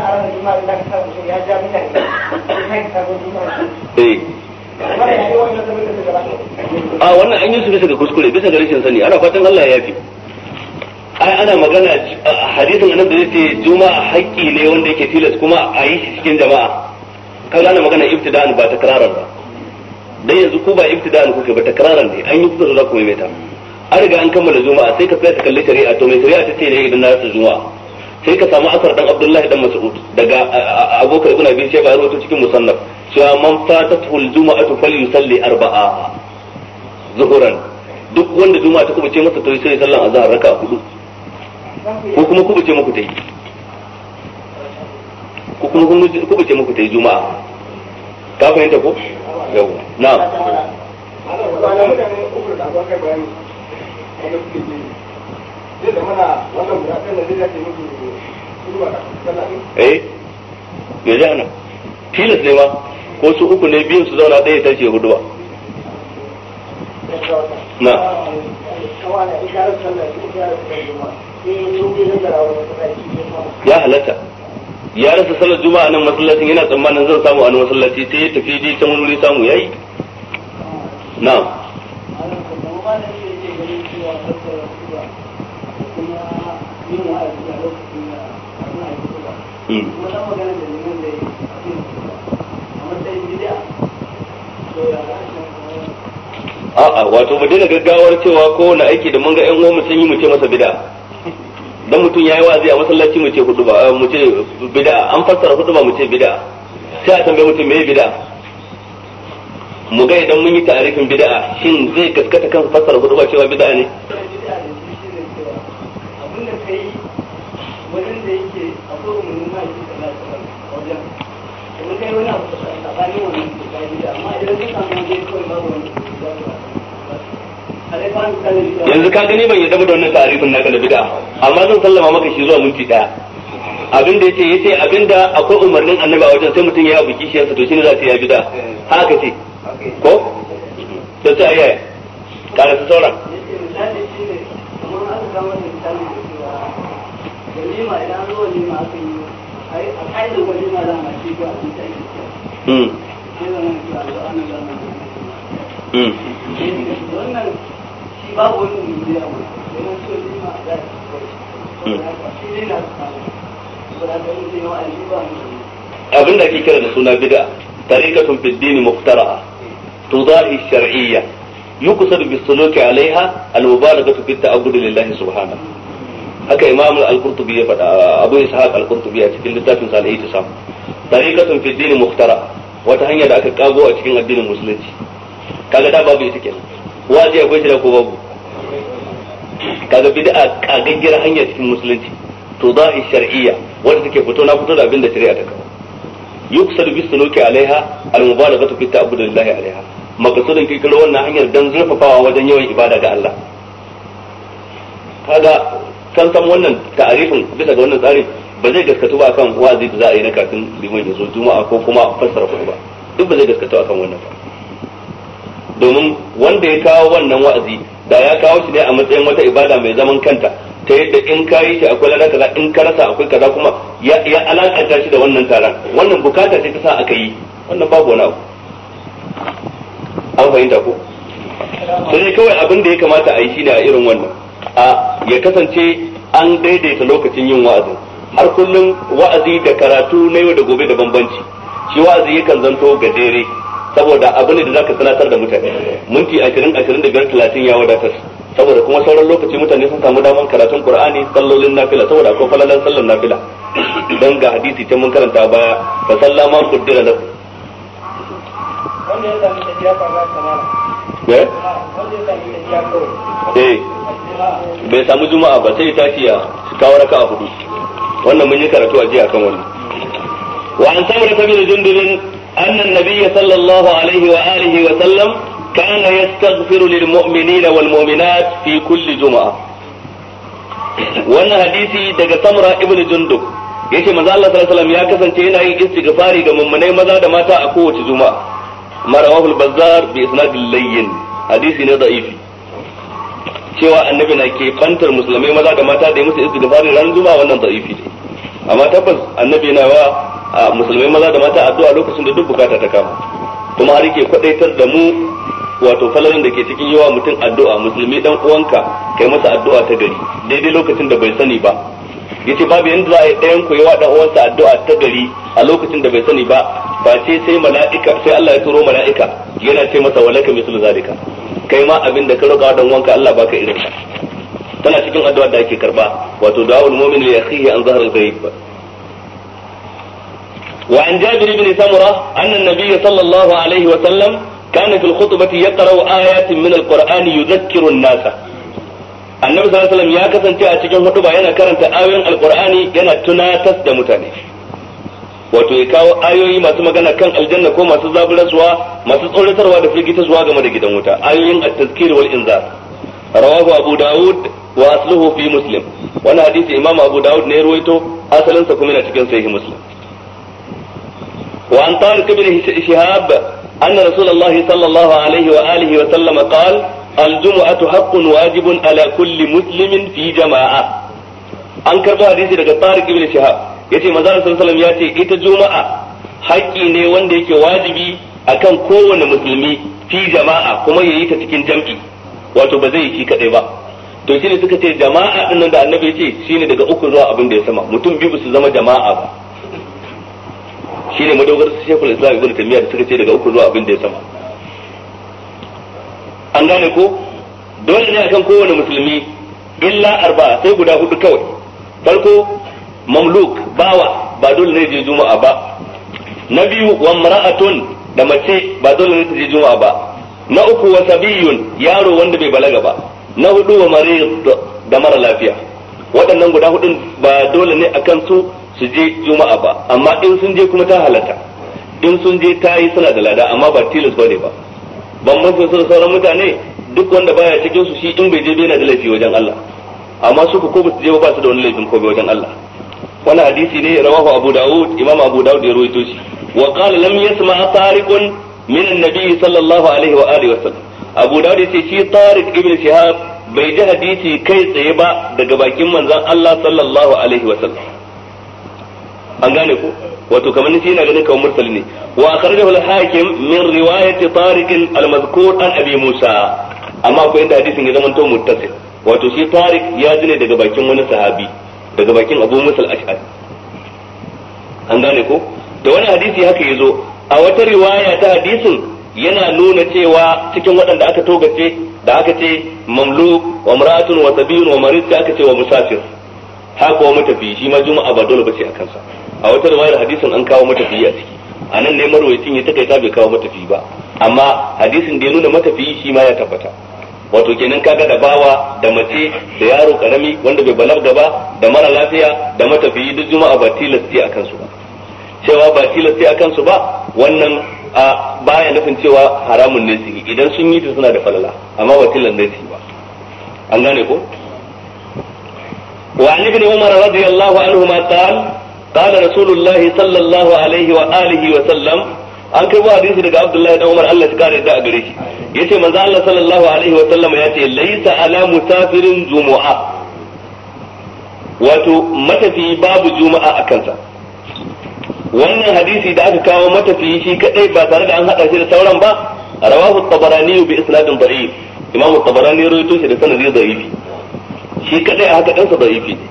a wannan an yi su bisa ga kuskure bisa ga rashin sani ana fatan Allah ya fi. ai ana magana hadisin annabi zai ce juma'a haƙƙi ne wanda yake tilas kuma a yi shi cikin jama'a kaga ana magana ibtida'an ba takraran ba dan yanzu ko ba ibtida'an kuke ba takraran ne an yi kuka za ku maimaita an riga an kammala juma'a sai ka fita ka kalli shari'a to mai shari'a ta ce ne idan na rasa juma'a sai ka samu asar dan abdullahi dan mas'ud daga abokar ibn abi shayba rawaito cikin musannaf cewa man fatatuhu al juma'atu falyusalli arba'a zuhuran duk wanda juma'a ta kubuce masa to sai sallan azhar raka hudu ko kuma kubuce muku ta ko kuma kubuce muku ta juma'a ka fahimta ko yau na'am eh ya ji ana tilas ne ma ko su uku ne biyun su zauna ɗaya tashi ya huduwa na ya halatta ya rasa salar juma'a nan masallacin yana tsammanin zan samu a nan masallaci sai ya tafi ji can wuri samu yayi na'am a'a wato mu daina gaggawar cewa kowane aiki da mun ga yan uwan sun yi mu ce masa bid'a dan mutum yayi wazi a masallaci mu ce hudu ba eh, mu ce bid'a an fassara hudu ba mu ce bid'a sai a tambaye mutum meye bid'a mu ga idan mun yi tarihin bid'a shin zai kaskata kan fassara hudu ba cewa bid'a ne yanzu ka gani ban yadda da wannan tarifin naka da bid'a amma zan sallama maka shi zuwa minti daya abin da yace yace abin da akwai umarnin annabi a wajen sai mutum ya abu kishiyarsa to shine za ta yi bid'a haka ce ko to sai ayi kada su sauran kamar an ga wannan misali da cewa idan an zo abin da ake kira da suna bid'a tariqatun fi dini muqtara'a tudahi shar'iyya yuqsadu bis suluki alaiha al mubalaghatu fi ta'abbud lillahi subhanahu haka imam al-qurtubi ya faɗa abu ishaq al-qurtubi a cikin littafin sa al-ihtisam tariqatun fi din muhtara wata hanya da aka kago a cikin addinin musulunci kaga da babu ita kenan wazi akwai shi da ko babu kaga bid'a kagaggira hanya cikin musulunci to da a shar'iyya wanda take fito na fito da abin da shari'a ta kawo yuksal bi sunuki alaiha al-mubalaghatu fi ta'budillahi alaiha maqsudin kikiro wannan hanyar dan zurfafawa wajen yawan ibada ga Allah kaga san san wannan ta'arifin bisa ga wannan tsarin ba zai gaskatu ba akan wa'azi da za a yi na kafin liman ya zo juma'a ko kuma fassara kuɗi ba duk ba zai gaskatu akan wannan ba domin wanda ya kawo wannan wa'azi da ya kawo shi ne a matsayin wata ibada mai zaman kanta ta yadda in ka yi shi akwai lada kaza in ka rasa akwai kaza kuma ya ya shi da wannan taron wannan bukata ce ta sa aka yi wannan babu wani abu an fahimta ko sai kawai abin da ya kamata a yi shi ne a irin wannan a ya kasance an daidaita lokacin yin wa'azi har kullum wa'azi da karatu na yau da gobe da bambanci shi wa'azi yakan zanto gajere saboda abin ne da zaka sanatar da mutane minti ashirin ashirin da biyar talatin ya wadatar saboda kuma sauran lokaci mutane sun samu daman karatun qur'ani sallolin nafila saboda akwai falalan sallar nafila dan ga hadisi ta mun karanta baya fa sallama kuddira lahu wanda ya samu tafiya fa ba eh eh bai samu juma'a ba sai ta ciya su kawo raka a hudu wannan mun yi karatu a jiya kan wannan wa an samura sabila jundubin alaihi wa alihi wa sallam kana yastaghfiru lil mu'minina wal mu'minat fi kulli juma'a. wannan hadisi daga samra ibn jundub yace manzo Allah sallallahu alaihi sallam ya kasance yana yin istighfari ga mummunai maza da mata a kowace juma'a ma rawahu al-bazzar bi isnad layyin hadisi ne da'ifi cewa annabi na ke fantar musulmai maza da mata da ya musu istighfarin ran zuma wannan da'ifi ne amma tabbas annabi na wa musulmai maza da mata addu'a lokacin da duk bukata ta kama kuma har yake kwadaitar da mu wato falalin da ke cikin yawa mutum addu'a musulmi dan uwanka kai masa addu'a ta gari daidai lokacin da bai sani ba yace babu yanda za a yi ɗayan ku yawa dan uwansa addu'a ta gari a lokacin da bai sani ba ba sai sai mala'ika sai Allah ya turo mala'ika yana ce masa walaka mislu zalika kai ma abin da ka roƙa dan wanka Allah baka irin sa tana cikin addu'a da ake karba wato da'ul mu'min li akhihi an zahar al-ghaib وعن جابر بن سمرة أن النبي صلى الله عليه وسلم كان في الخطبة يقرأ آيات من القرآن يذكر nasa. annabi sallallahu alaihi wasallam ya kasance a cikin hudu ba yana karanta ayoyin alqur'ani yana tunatar da mutane wato ya kawo ayoyi masu magana kan aljanna ko masu zaburarsuwa masu tsoratarwa da firgitarsuwa game da gidan wuta ayoyin at-tazkir wal inzar rawahu abu daud wa asluhu fi muslim wannan hadisi imam abu daud ne ruwaito asalin sa kuma yana cikin sahih muslim wa an talib ibn shihab anna rasulullahi sallallahu alaihi wa alihi wa sallam qala aljumu'atu haqqun wajibun ala kulli muslimin fi jama'a an karbo hadisi daga Tariq ibn Shihab Ya ce maza a alaihi ya ce ita juma'a haƙƙi ne wanda yake wajibi a kan kowane musulmi fi jama'a kuma ya yi ta cikin jam'i wato ba zai yi shi kaɗai ba to shi ne suka ce jama'a nan da annabi ya ce shi ne daga uku zuwa abin da ya sama mutum biyu su zama jama'a ba Shi ne madogar Sheikhul Islam Ibn Taymiyyah da suka ce daga uku zuwa abin da ya sama an gane ko dole ne akan kowane musulmi illa arba sai guda hudu kawai farko mamluk bawa ba dole ne je juma'a ba na biyu wa mara'atun da mace ba dole ne je juma'a ba na uku wa sabiyun yaro wanda bai balaga ba na hudu wa marid da mara lafiya waɗannan guda hudun ba dole ne akan su su je juma'a ba amma in sun je kuma ta halatta in sun je ta yi suna da lada amma ba tilas ne ba mafi su da sauran mutane duk wanda baya cikin su shi in bai je yana da laifi wajen Allah amma su ko ba su je ba su da wani laifin ko wajen Allah wannan hadisi ne rawahu Abu Dawud Imam Abu Dawud ya rawaito shi wa qala lam yasma tariqun min an-nabi sallallahu alaihi wa alihi wasallam Abu Dawud yace shi Tariq ibn Shihab bai ji hadisi kai tsaye ba daga bakin manzon Allah sallallahu alaihi wa sallam an gane ko wato kamar nisi yana ganin kawai mursal ne wa akhrajahu al-hakim min riwayati tariq al-mazkur an abi musa amma akwai inda hadisin ya to muttasil wato shi tariq ya ji ne daga bakin wani sahabi daga bakin abu musa al-ash'ari an gane ko da wani hadisi haka yazo a wata riwaya ta hadisin yana nuna cewa cikin waɗanda aka togace da aka ce mamlu wa mar'atun wa sabiyun wa marid aka ce wa musafir haka wa matafiyi shi ma juma'a ba dole bace a kansa a wata riwayar hadisin an kawo matafiyi a ciki a nan ne marwayacin ya takaita bai kawo matafiyi ba amma hadisin da ya nuna matafiyi shi ma ya tabbata wato kenan kaga da bawa da mace da yaro karami wanda bai balaga ba da mara lafiya da matafiyi duk juma'a ba tilasti a kansu ba cewa ba tilasti a kansu ba wannan a baya nufin cewa haramun ne su idan sun yi ta suna da falala amma ba tilan ne su ba an gane ko وعن ابن عمر رضي الله عنهما قال قال رسول الله صلى الله عليه وآله وسلم an kai ba hadisi daga Abdullahi dan Umar Allah ya kare da a gare shi yace manzo Allah sallallahu alaihi wa sallam ya ce laysa ala musafirin jumu'a wato matafi babu juma'a a kansa wannan hadisi da aka kawo matafi shi kadai ba tare da an hada shi da sauran ba rawahu tabarani bi isnadin da'if imamu tabarani rawaito shi da sanadi da'ifi shi kadai a haka ɗansa da'ifi ne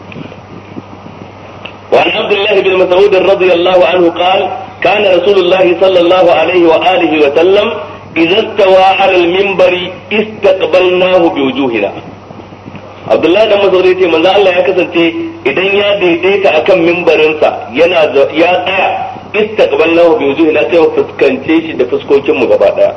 وعن عبد الله بن مسعود رضي الله عنه قال كان رسول الله صلى الله عليه وآله وسلم إذا استوى على المنبر استقبلناه بوجوهنا عبد الله بن مسعود يتي من الله يكسنتي إذن يا ديديك أكم منبرنسا ينا يا آية استقبلناه بوجوهنا سيو فسكنتيش دفسكوكم مغبادا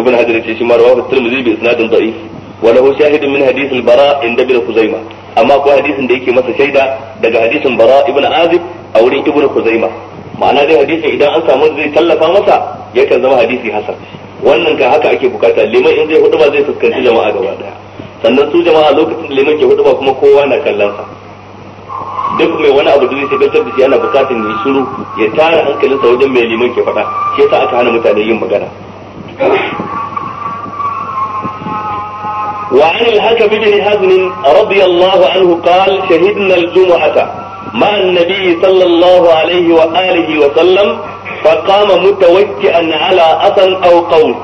ابن حجر يتي شمار وافد الترمذي بإسناد ضعيف wa شاهد من حديث البراء al-bara inda bin kuzaima amma ko hadisin da yake masa shaida daga hadisin bara ibn azib a wurin ibn kuzaima ma'ana dai hadisin idan an samu zai tallafa masa yakan zama hadisi wannan ka haka ake bukata liman in zai huduma zai fuskanci jama'a gaba daya sannan su jama'a lokacin da liman ke huduma kuma kowa na kallon sa duk mai wani abu da zai shagaltar da shi yana bukatar yi shiru ya tara hankalinsa wajen mai liman ke faɗa shi yasa aka hana mutane yin magana وعن الحكم بن anhu رضي الله عنه قال شهدنا الجمعة مع النبي صلى الله عليه وآله وسلم فقام متوكئا على أثن أو قول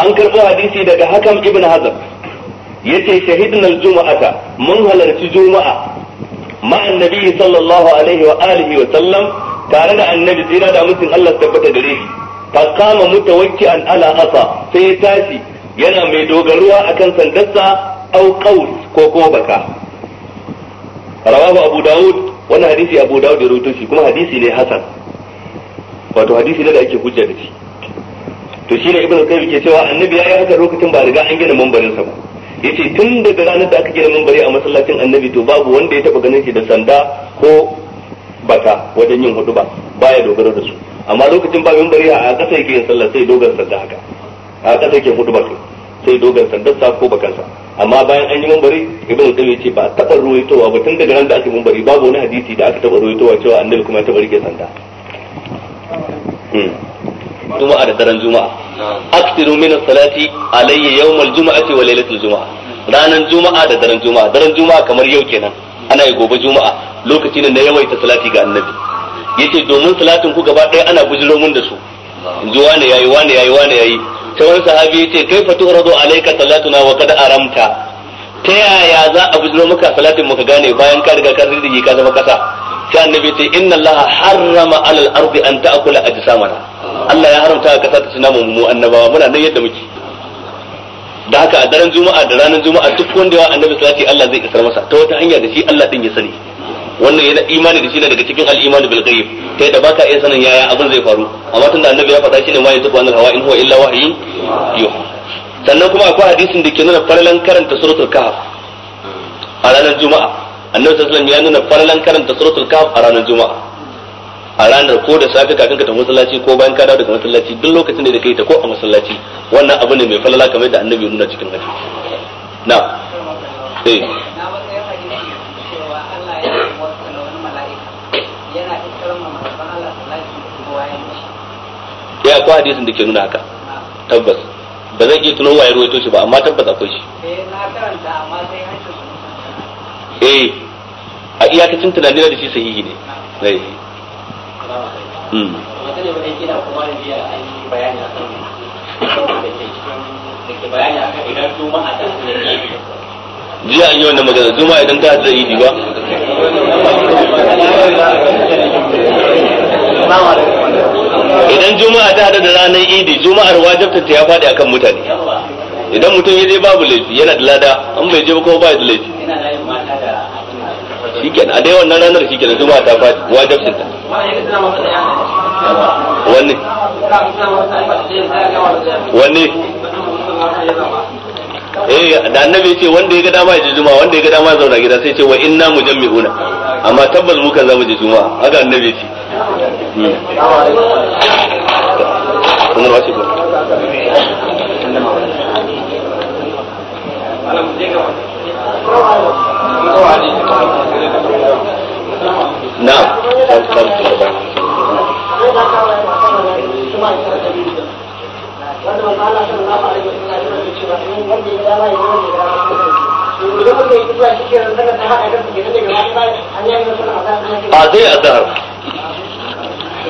an karɓo hadisi daga hakan ibn hazab yace shahidna juma'ata mun halarci juma'a ma annabi sallallahu alaihi wa alihi wa sallam tare da annabi tsira da mutum Allah tabbata gare shi fa kama mutawakki'an ala asa sai ya tashi yana mai dogaruwa akan sandarsa au qaus ko ko baka rawahu abu daud wannan hadisi abu daud ya rawaito shi kuma hadisi ne hasan wato hadisi ne da ake hujja da shi to shi ne ibnu kayyim ke cewa annabi ya yi haka lokacin ba riga an gina mambarin sa ba yace tun daga ranar da aka gina mambari a masallacin annabi to babu wanda ya taba ganin shi da sanda ko baka wajen yin hudu ba baya dogaro da su amma lokacin ba mambari a kasa yake yin sallah sai dogar da haka a ƙasa yake hudu ba sai dogon sandarsa ko bakansa amma bayan an yi mumbari ibn qayyim ce ba taɓa ruwaitowa ba tun daga nan da ake mumbari babu wani hadisi da aka taɓa ruwaitowa cewa annabi kuma ya taɓa rike sanda hmm. juma'a da daren juma'a aktiru min salati alayya yawmal juma'ati wa laylatul juma'a ranan juma'a da daren juma'a daren juma'a kamar yau kenan ana yi gobe juma'a lokacin da na ta salati ga annabi yace domin salatin ku gaba ɗaya ana bujiro mun da su in ji wane yayi wane yayi wane yayi sai wani sahabi ya ce kai fatu rado alaika salatuna wa kada aramta ta yaya za a bujiro maka salatin muka gane bayan ka riga ka rirrige ka zama kasa sai annabi ce inna allah harrama alal ardi an ta'kula ajsamana Allah ya haramta ka kasa ta tuna mu annabawa muna nan yadda muke da haka a daren juma'a da ranar juma'a duk wanda ya annabi salati Allah zai isar masa ta wata hanya da shi Allah din ya sani wannan yana imani da shi ne daga cikin al'imani bil ghaib ta da baka iya sanin yaya abin zai faru amma tunda annabi ya faɗa shi ne ma yatabu wannan hawa in huwa illa wahyi yuha sannan kuma akwai hadisin da ke nuna farallan karanta suratul kahf a ranar juma'a annabi sallallahu alaihi wasallam ya nuna farallan karanta suratul kahf a ranar juma'a a ranar ko da safe kafin ka tafi masallaci ko bayan ka dawo daga masallaci duk lokacin da kai ta ko a masallaci wannan abu ne mai falala kamar da annabi nuna cikin hadisi na akwai hadisin da ke nuna haka tabbas ba zan iya tuno waye ruwaito shi ba amma tabbas akwai shi eh, eh a iyakacin tunanina da shi sahihi ne zai eh. hmm. yi jiya an yi wannan magana zuma idan ta hada yi ba juma'a ta hada da ranar idi juma'ar wajibta ta ya faɗi akan mutane idan mutum ya je babu laifi yana da lada an bai je ba kuma ba da laifi shiken a dai wannan ranar shiken juma'a ta faɗi wajibta ta wanne wanne eh da annabi ce wanda ya ga dama ya ji juma'a wanda ya ga dama ya zauna gida sai ce wa inna mujammi'una amma tabbas mu kan zamu ji juma'a haka annabi ce hmm. Kun gano wace gobe. Na'am. a zai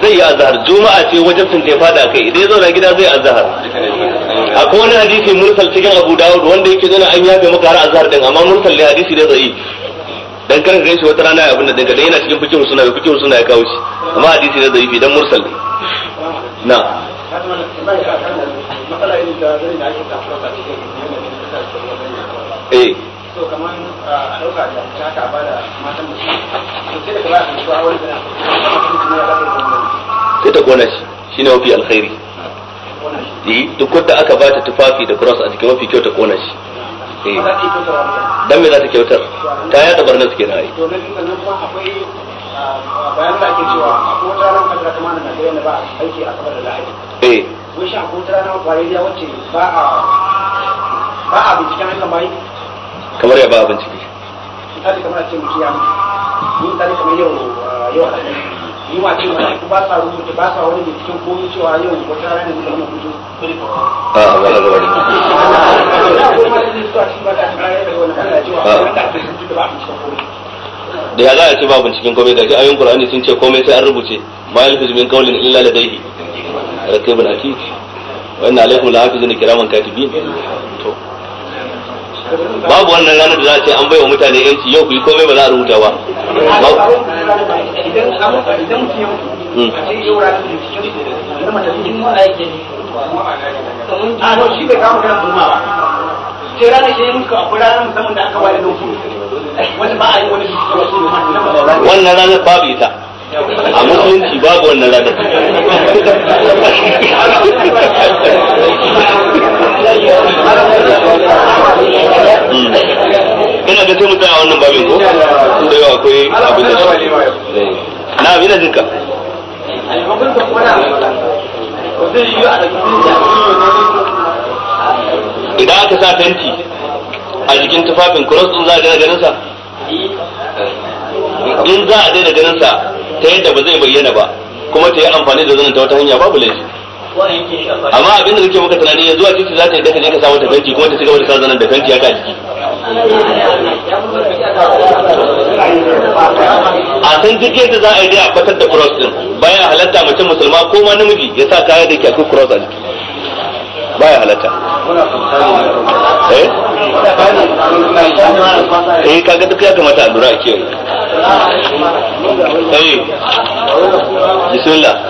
zai yi azhar juma'a ce wajen sun ce fada kai idan ya zauna gida zai azhar akwai wani hadisi mursal cikin abu dawud wanda yake zana an yafe maka har azhar din amma mursal ne hadisi da zai dan kan kai shi wata rana abin da dinka dan yana cikin fikihu suna da fikihu suna ya kawo shi amma hadisi da zai dan mursal ne na eh to kamar ah, a ɗauka da ta ka bada matan mutum to sai da ka a a sai ta kona shi shine mafi alkhairi eh, duk wanda aka ba ta tufafi da cross a jikin mafi kyau ta kona shi eh, dan me za ta kyautar ta ya ah, da barnas ke nayi a kowace na ba aiki a kamar da Eh. wacce ba a a Kamar ya ba a kamar a ce mutum ya kamar yau ah, yau a yi wa ce wani ba sa rubuta ba sa wani cikin koyi cewa yau wata rana da muka mutu a a wala wala da ya za a ce ba binciken komai gashi ayoyin qur'ani sun ce komai sai an rubuce ma yalfiz min qawlin illa ladayhi rakibun atid wa inna alaikum lahafizun kiraman katibin to babu wannan ranar da za a ce an baiwa mutane yanci yau ku yi komai ba za a rubuta ba wannan ranar babu ita a musulunci babu wannan ranar ina ga sai mu tsaya wannan babin ko da yawa akwai abin da na abin da jinka idan aka sa fenti a jikin tufafin cross din za a daina ganin sa in za a daina ganin sa ta yadda ba zai bayyana ba kuma ta yi amfani da zanen ta wata hanya babu laifi amma abin da kake maka tunani ya zuwa titi za ta yi je ka samu tafanci fenti kuma ta ci gaba da sarzanan da fenti ya ka jiki a san duk yadda za a yi dai a fatar da cross din bayan halatta mace musulma ko ma namiji ya sa kaya da ke cross a jiki baya halatta eh eh kaga duk ya kamata a lura a kiyaye eh bismillah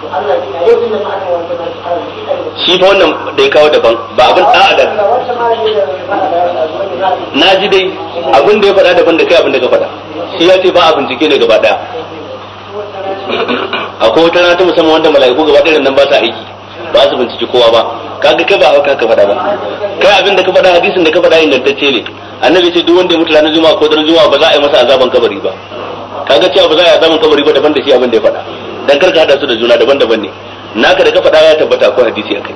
shi fa wannan da ya kawo daban ba abin da na ji dai abin da ya faɗa daban da kai abin da ka faɗa shi ya ce ba a bincike ne gaba ɗaya akwai wata rana ta musamman wanda mala'iku gaba ɗaya nan ba sa aiki ba su bincike kowa ba kaga kai ba a ka faɗa ba kai abin da ka faɗa hadisin da ka faɗa ingantacce ne annabi ce duk wanda ya mutu ranar juma'a ko daren juma'a ba za a yi masa azaban kabari ba kaga cewa ba za a yi azaban kabari ba daban da shi abin da ya faɗa dan kar ka hada su da juna daban-daban ne naka da ka faɗa ya tabbata ko hadisi akai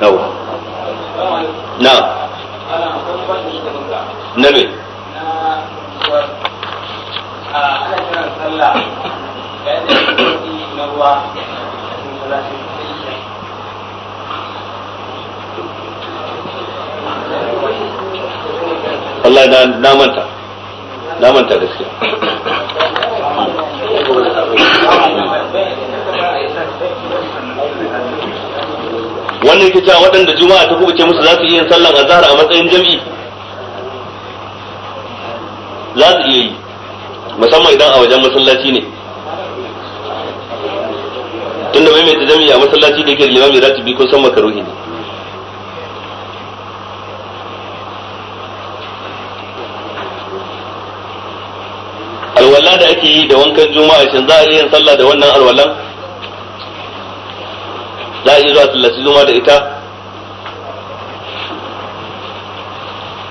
na'u na na me Allah na manta na manta gaskiya wannan ke cewa waɗanda juma'a ta kubuce musu za su iya sallan azhar a matsayin jami'i? za su iya yi musamman idan a wajen masallaci ne tunda mai mai ta jami'a a masallaci da ke limami za ta bi ko san makaruhi ne alwala da ake yi da wankan juma'a shin za a iya sallah da wannan alwalan za a iya zuwa sallaci juma'a da ita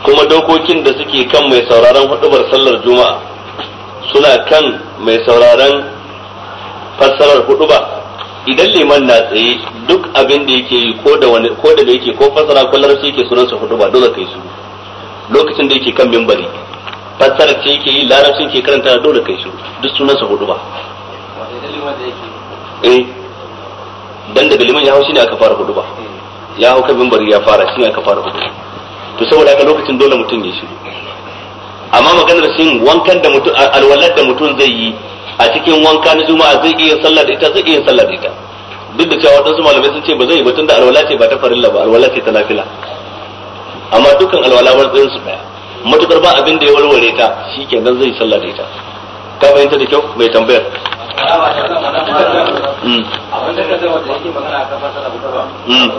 kuma dokokin da suke kan mai sauraron hudubar sallar juma'a suna kan mai sauraron fassarar huduba idan liman na tsaye duk abin da yake yi ko da wani yake ko fassara ko shi yake sunansa huduba dole kai su lokacin da yake kan mimbari fassara ce yake yi larabcin ke karanta dole kai su. duk sunansa hudu ba eh dan daga liman ya hau shine aka fara hudu ba ya hau kan mimbar ya fara shine aka fara hudu to saboda haka lokacin dole mutum ya shiru amma maganar shin wankan da mutum alwalad da mutum zai yi a cikin wanka na juma'a zai iya sallah da ita zai iya sallah da ita duk da cewa wadansu malamai sun ce ba zai yi ba tunda alwala ce ba ta farilla ba alwala ce ta nafila amma dukkan alwala bar su daya matukar ba abin da ya warware ta shi ke nan zai sallah da ita ka fahimta da kyau mai tambayar hmm. Hmm.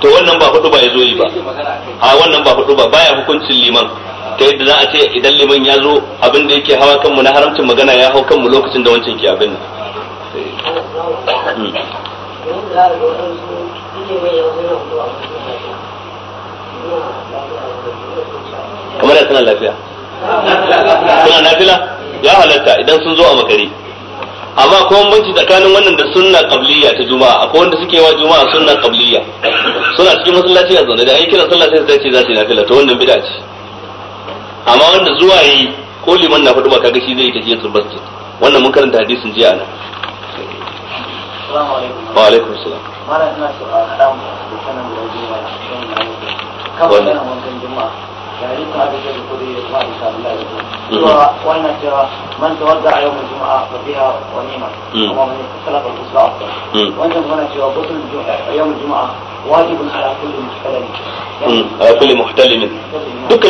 to wannan ba hudu ba ya zo yi ba a wannan ba hudu ba baya hukuncin liman ta yadda za a ce idan liman ya zo abin da yake hawa kanmu na haramcin magana ya hau kanmu lokacin da wancan ke abin nan hmm. kamar suna lafiya suna nafila ya halatta idan sun zo a makare amma kuma banci tsakanin wannan da sunna qabliya ta juma'a akwai wanda suke wa juma'a sunna qabliya suna cikin masallaci a zaune da ai kira sallah sai zai ce za su yi nafila to wannan bid'a ce amma wanda zuwa yi ko liman na fadu ba kaga shi zai tafi masjid wannan mun karanta hadisin jiya nan wa alaikum salam malam ina so a haɗa mu da sanan da juma'a kawai yana wankan juma'a yare ta da ke kudi ba insha Allah ya mm-hmm. zuwa wannan cewa man tawadda a yawmul juma'a fa biha wa ni'ma mm. amma man salaka al-usra mm. wannan wannan cewa gudun yawmul juma'a wajibun ala kulli muhtalim mm. su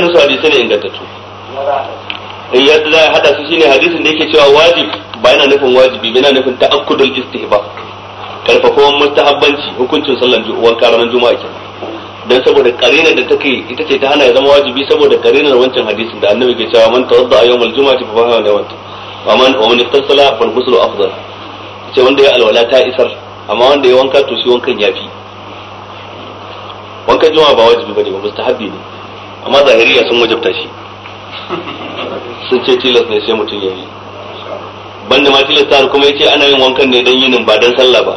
eh, yadda za a hada su shine hadisin da yake cewa wajib ba yana nufin wajibi ba yana nufin ta'akkudul istihbab karfafon mustahabbanci hukuncin sallan wanka ranar juma'a ke dan saboda karinar da take ita ce ta hana ya zama wajibi saboda karinar wancan hadisin da annabi ke cewa man tawadda a yawmal juma'ati fa fahimu da wanta wa man wa man fa al ghuslu afdal ce wanda ya alwala ta isar amma wanda ya wanka to shi wankan yafi wankan juma'a ba wajibi bane ba mustahabbi ne amma zahiriya sun wajabta shi sun ce tilas ne sai mutum ya yi banda ma tilasta kuma ya ce ana yin wankan ne don yinin ba don sallah ba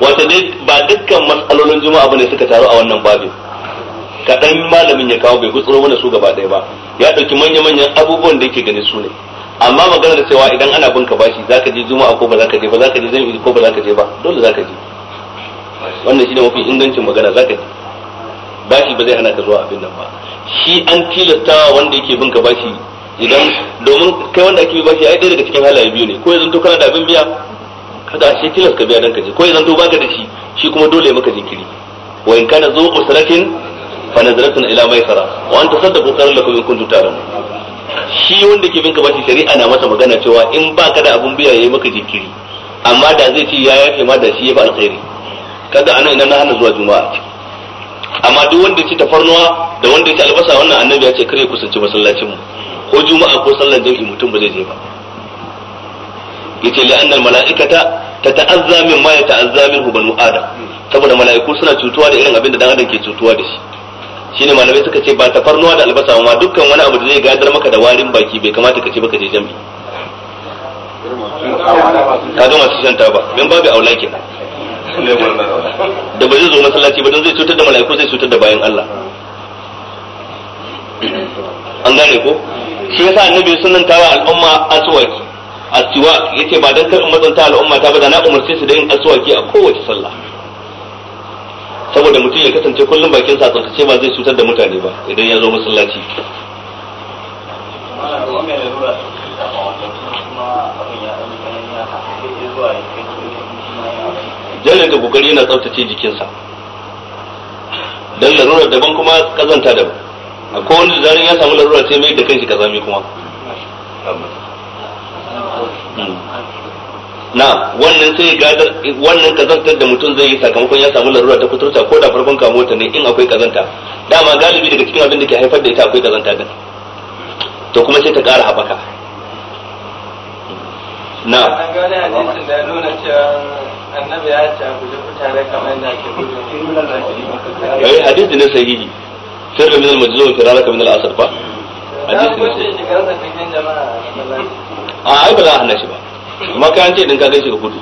wata dai ba dukkan matsalolin juma'a bane suka taru a wannan babin kaɗan malamin ya kawo bai gutsuro mana su gaba ɗaya ba ya ɗauki manya-manyan abubuwan da yake gani su ne amma magana da cewa idan ana bin bashi za ka je juma'a ko ba za ka je ba za ka je yi ko ba za ka je ba dole za ka je wannan shine mafi ingancin magana za ka je bashi ba zai hana ka zuwa abin nan ba shi an tilastawa wanda yake bin bashi idan domin kai wanda ake bashi ai ɗaya daga cikin halaye biyu ne ko ya zanto kana da abin biya kaga ashe tilas ka biya dan kaje ko ya zanto baka da shi shi kuma dole maka jinkiri wa in kana zo usratin fa nazratun ila maisara wa anta saddaqu qala lakum in kuntum ta'lam shi wanda ke binka bashi shari'a na masa magana cewa in baka da abin biya yayi maka jinkiri amma da zai ce ya yafe ma da shi ya fi alkhairi kaga anan idan na hana zuwa juma'a amma duk wanda ya ci tafarnuwa da wanda ya ci albasa wannan annabi ya ce kare kusanci masallacin mu ko juma'a ko sallar jami'i mutum ba zai je ba yace la'anna malaikata tata'azza min ma yata'azza minhu banu adam saboda mala'iku suna cutuwa da irin abin da dan adam ke cutuwa da shi shine malamai suka ce ba tafarnuwa da albasa ma dukkan wani abu da zai gadar maka da warin baki bai kamata ka ce baka je jami'i ga masu shanta ba min babu aula kenan da ba zai zo masallaci ba don zai cutar da mala'iku zai cutar da bayan Allah an gane ko shi yasa annabi ya sunanta wa al'umma aswaki aswak yace ba dan kar in ta al'umma ta ba da na umarce su da yin aswaki a kowace sallah saboda mutum ya kasance kullum bakin sa tsantsace ba zai cutar da mutane ba idan ya zo masallaci jarin da kokari yana tsaftace jikinsa don larurar daban kuma kazanta daban ko wani da ya samu larura sai mai da kanshi kazami kuma hmm. na wannan sai gadar wannan kazantar da mutum zai yi sakamakon ya samu larura ta kuturta ko da farkon kamo ta ne in akwai kazanta dama galibi daga cikin abin da ke haifar da ita akwai kazanta din to kuma sai ta kara haɓaka na annabi ya ce guje ku tare kamar da ke gudun eh, hadisi ne sahihi fi'lu min al-majzum firaraka min al-asr ba hadisi ne a ai ba za a hana shi ba amma kayan an ce ɗin ka gaishe ka kudu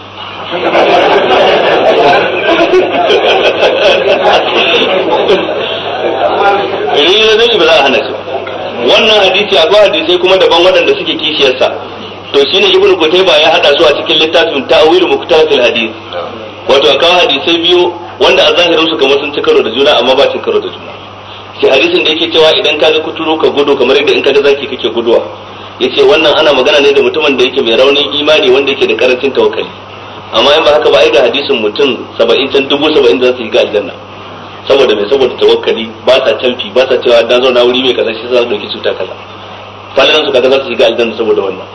idan ya zai ba za a hana shi wannan hadisi akwai hadisai kuma daban waɗanda suke kishiyarsa to shine ibn ba ya hada su a cikin littafin ta'wil muktarafil hadith wato akwai hadisai biyu wanda a zahirin su kamar sun ci karo da juna amma ba cin karo da juna sai hadisin da yake cewa idan ka ga kuturu ka gudu kamar yadda in ka ga zaki kake guduwa yace wannan ana magana ne da mutumin da yake mai raunin imani wanda yake da karancin tawakkali amma in ba haka ba ai ga hadisin mutum 70 can dubu 70 da su yi ga aljanna saboda mai saboda tawakkali ba sa canfi ba sa cewa na zauna wuri mai kaza shi za su dauki cuta kaza falalan su kaza za su shiga aljanna saboda wannan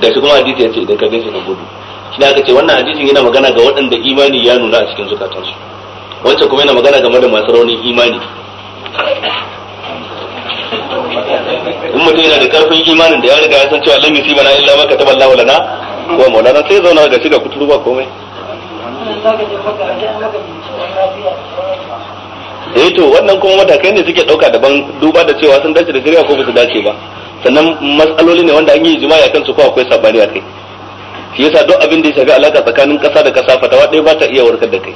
da shi kuma hadisi yace idan ka shi ka gudu shi da aka ce wannan hadisin yana magana ga waɗanda imani ya nuna a cikin zukatansu wancan kuma yana magana game da masu raunin imani in mutum yana da karfin imanin da ya riga ya san cewa lam yusiba bana illa ma kataba Allahu lana wa maulana sai zauna ga shiga kuturu ba komai eh to wannan kuma matakai ne suke dauka daban duba da cewa sun dace da shirya ko ba su dace ba sannan matsaloli ne wanda an yi jima'i kan su ko akwai sabani a kai shi yasa duk abin da ya shafi alaka tsakanin kasa da kasa fatawa ɗaya ba ta iya warkar da kai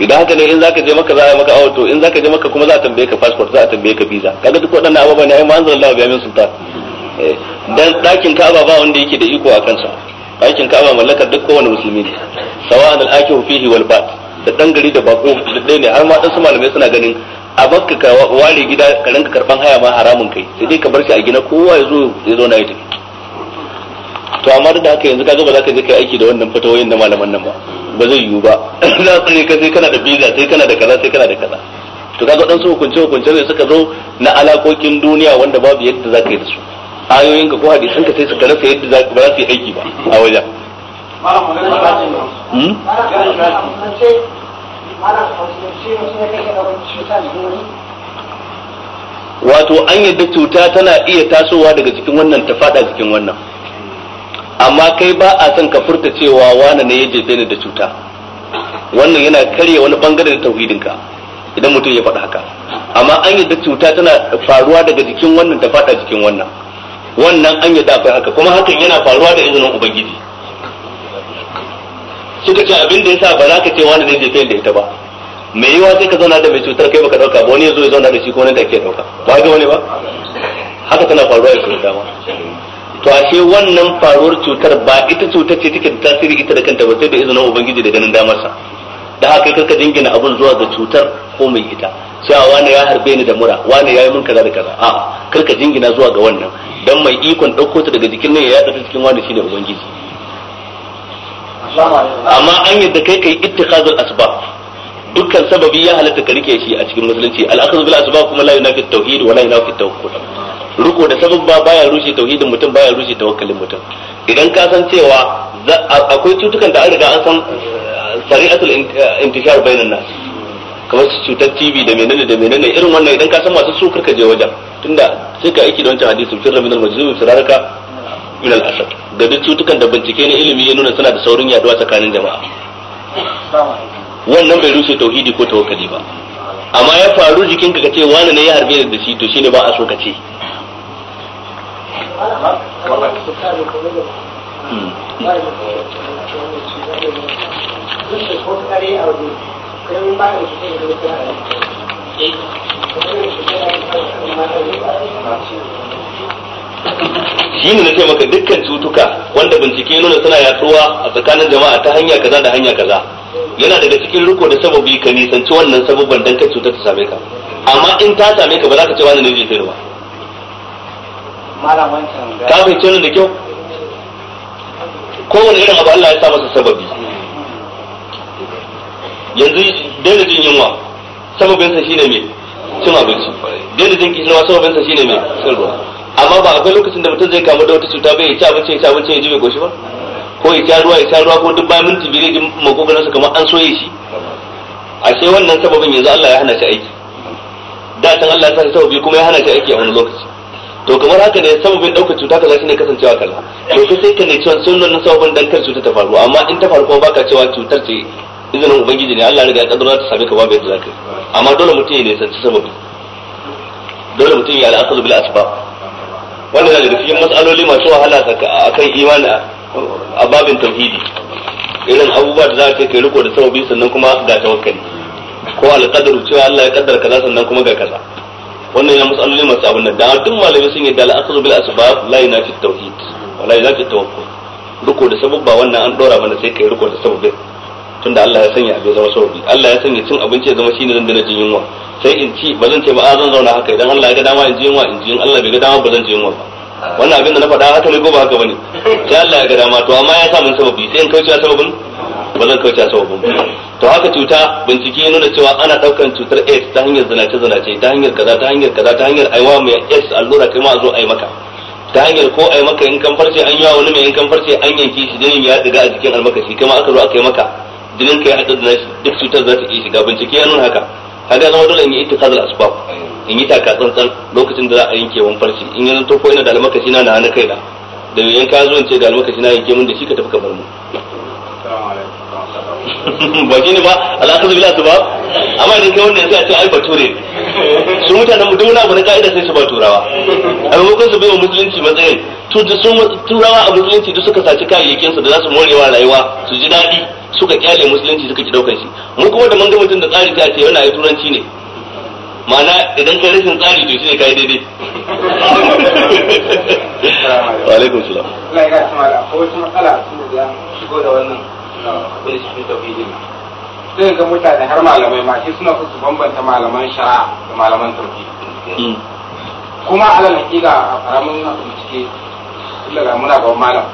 idan haka ne in zaka je maka za a maka auto to in zaka je maka kuma za a tambaye ka passport za a tambaye ka visa kaga duk waɗannan ababen ne ai manzon Allah ga min sultan eh, dan dakin Ka'aba ba wanda yake da iko a kansa dakin Ka'aba mallakar duk kowane musulmi ne sawa'an al-akihu fihi wal ba'd da dan gari da bako da ɗaya ne har ma dan su malamai suna ganin a bakka ka ware gida ka ranka karban haya ma haramun kai sai dai ka bar shi a gina kowa ya zo ya zo na yi to amma da haka yanzu kaga ba za ka je kai aiki da wannan fatawoyin na malaman nan ba ba zai yiwu ba za su tsare ka kana da biza sai kana da kaza sai kana da kaza to kaga dan su hukunce hukunce ne suka zo na alakokin duniya wanda babu yadda za ka yi da su ayoyin ka ko hadisin ka sai suka rasa yadda za ka ba za su yi aiki ba a wajen wato an yadda cuta tana iya tasowa daga cikin wannan ta fada cikin wannan amma kai ba a son ka furta cewa wani ne ya jefe ni da cuta wannan yana karya wani bangare da tauhidinka idan mutum ya faɗa haka amma an yadda cuta tana faruwa daga jikin wannan ta faɗa jikin wannan wannan an yadda akwai haka kuma hakan yana faruwa da izinin ubangiji suka ce abin da yasa ba za ka ce wani ne jefe da ita ba me yiwa sai ka zauna da mai cutar kai baka dauka ba wani ya zo ya zauna da shi ko wani da ke dauka ba ga wani ba haka tana faruwa da cuta dama to ashe wannan faruwar cutar ba ita cutar ce take da tasiri ita da kanta ba sai da izinin ubangiji da ganin damarsa da haka karka jingina abun zuwa ga cutar ko mai ita a wani ya harbe ni da mura wani ya yi mun kaza da kaza a'a karka jingina zuwa ga wannan dan mai ikon ɗauko ta daga jikin ne ya yada ta cikin wani shine ubangiji amma an yadda kai kai ittikhazul asbab dukkan sababi ya halatta ka rike shi a cikin musulunci al bil asbab kuma la yunafi tauhid wa la yunafi tawakkul ruko da ba baya rushe tauhidin mutum baya rushe tawakkalin mutum idan ka san cewa akwai cutukan da an riga an san uh, sari'atul uh, intishar bainan nas kamar cutar TV da menene da menene irin wannan idan ka san masu su karka je wajen tunda sai ka aiki da wancan hadisi firra min al-majzum firaraka min al-asad da duk cutukan da bincike na ilimi ya nuna suna da saurin yaduwa tsakanin jama'a wannan bai rushe tauhidi ko tawakkali ba amma ya faru jikin ka ce wani ne ya harbe da shi to shine ba a so kace ce shi ne na ce maka dukkan cutuka wanda bincike nuna suna yatsuwa a tsakanin jama'a ta hanya kaza da hanya kaza yana daga cikin riko da sababi ka nisanci wannan sababban dan ka cutar ta same ka amma in ta same ka ba za ka ce wani ne zai sayar ba ka fahimci wannan da kyau kowane irin abu Allah ya sa masa sababi yanzu daina jin yunwa shi shine me cin abinci daina jin kishirwa sababinsa shine me cin ruwa amma ba akwai lokacin da mutum zai kamu da wata cuta bai ya ci abinci ya ci abinci ya ji bai goshi ba ko ya sha ruwa ya sha ruwa ko duk bayan minti biyu ji makogaran su kamar an soye shi ashe wannan sababin yanzu Allah ya hana shi aiki da can Allah ya sa sababi kuma ya hana shi aiki a wani lokaci to kamar haka ne sababin daukar cuta kaza shine kasancewa kaza to sai sai ka ne cewa sunan sababin dan kar cuta ta faru amma in ta faru kuma baka cewa cutar ce izinin ubangiji ne Allah riga ya kaddara ta same ka babu yadda zaka amma dole mutum ya nisanci sababi dole mutum ya al'aqlu bil asbab wannan da cikin mas'aloli masu wahala akan imani a babin tauhidi irin abubuwa da za ka kai riko da sababi sannan kuma ga tawakkali ko alƙadaru cewa Allah ya kaddara kaza sannan kuma ga kaza wannan yana matsaloli masu abin nan da duk malami sun yi da al'asar bil asbab la yunafi tauhid wala la yunafi tawakkul riko da ba wannan an dora mana sai kai riko da sababin tunda Allah ya sanya abin zama sababi Allah ya sanya cin abinci ya zama shine zan dana jin yunwa sai in ci ba zan ce ba a ah, zan zauna haka idan Allah ya ga dama in ji yunwa in ji in Allah bai ga dama ba zan ji yunwa ba wannan abin da na faɗa haka ne ko ba haka bane sai Allah ya ga dama to amma ya sa mun sababi sai in kauce sababin ba zan kauce sababin to haka cuta bincike ya nuna cewa ana daukan cutar AIDS ta hanyar zinace zinace ta hanyar kaza ta hanyar kaza ta hanyar aiwa mai AIDS allura kai ma zo ai maka ta hanyar ko ai maka in kan farce an yawa wani mai in kan farce an yanki shi jinin ya daga a jikin almakashi kai ma aka zo aka yi maka jinin ka ya haɗa da duk cutar za ta iya shiga bincike ya nuna haka kaga zama dole in yi ittikazul asbab in yi taka tsantsan lokacin da za a yanke wani farci in yanzu to ko ina da almakashi na na kai da yayin ka zo in ce da almakashi na yanke mun da shi ka tafi ka bar mu ba shi ne ba al'akadu bil ba. amma idan kai wannan ya a ce ai bature su mutanen mu duk wani abu na ka'ida sai su ba turawa a maimakon su bai wa musulunci matsayin turawa a musulunci duk suka saci kayayyakin su da za su morewa rayuwa su ji daɗi suka kyale musulunci suka ki daukar shi mu kuma da mun ga mutum da tsari ta ce yana yi turanci ne mana idan ka rashin tsari to shine kai daidai wa alaikum salam ina ya kuma da ko wata matsala su da shigo da wannan abin shi ta bidin sai ga mutane har malamai ma shi suna su bambanta malaman shara da malaman tauhid mm. kuma alal hakika a karamin bincike ga muna ba malam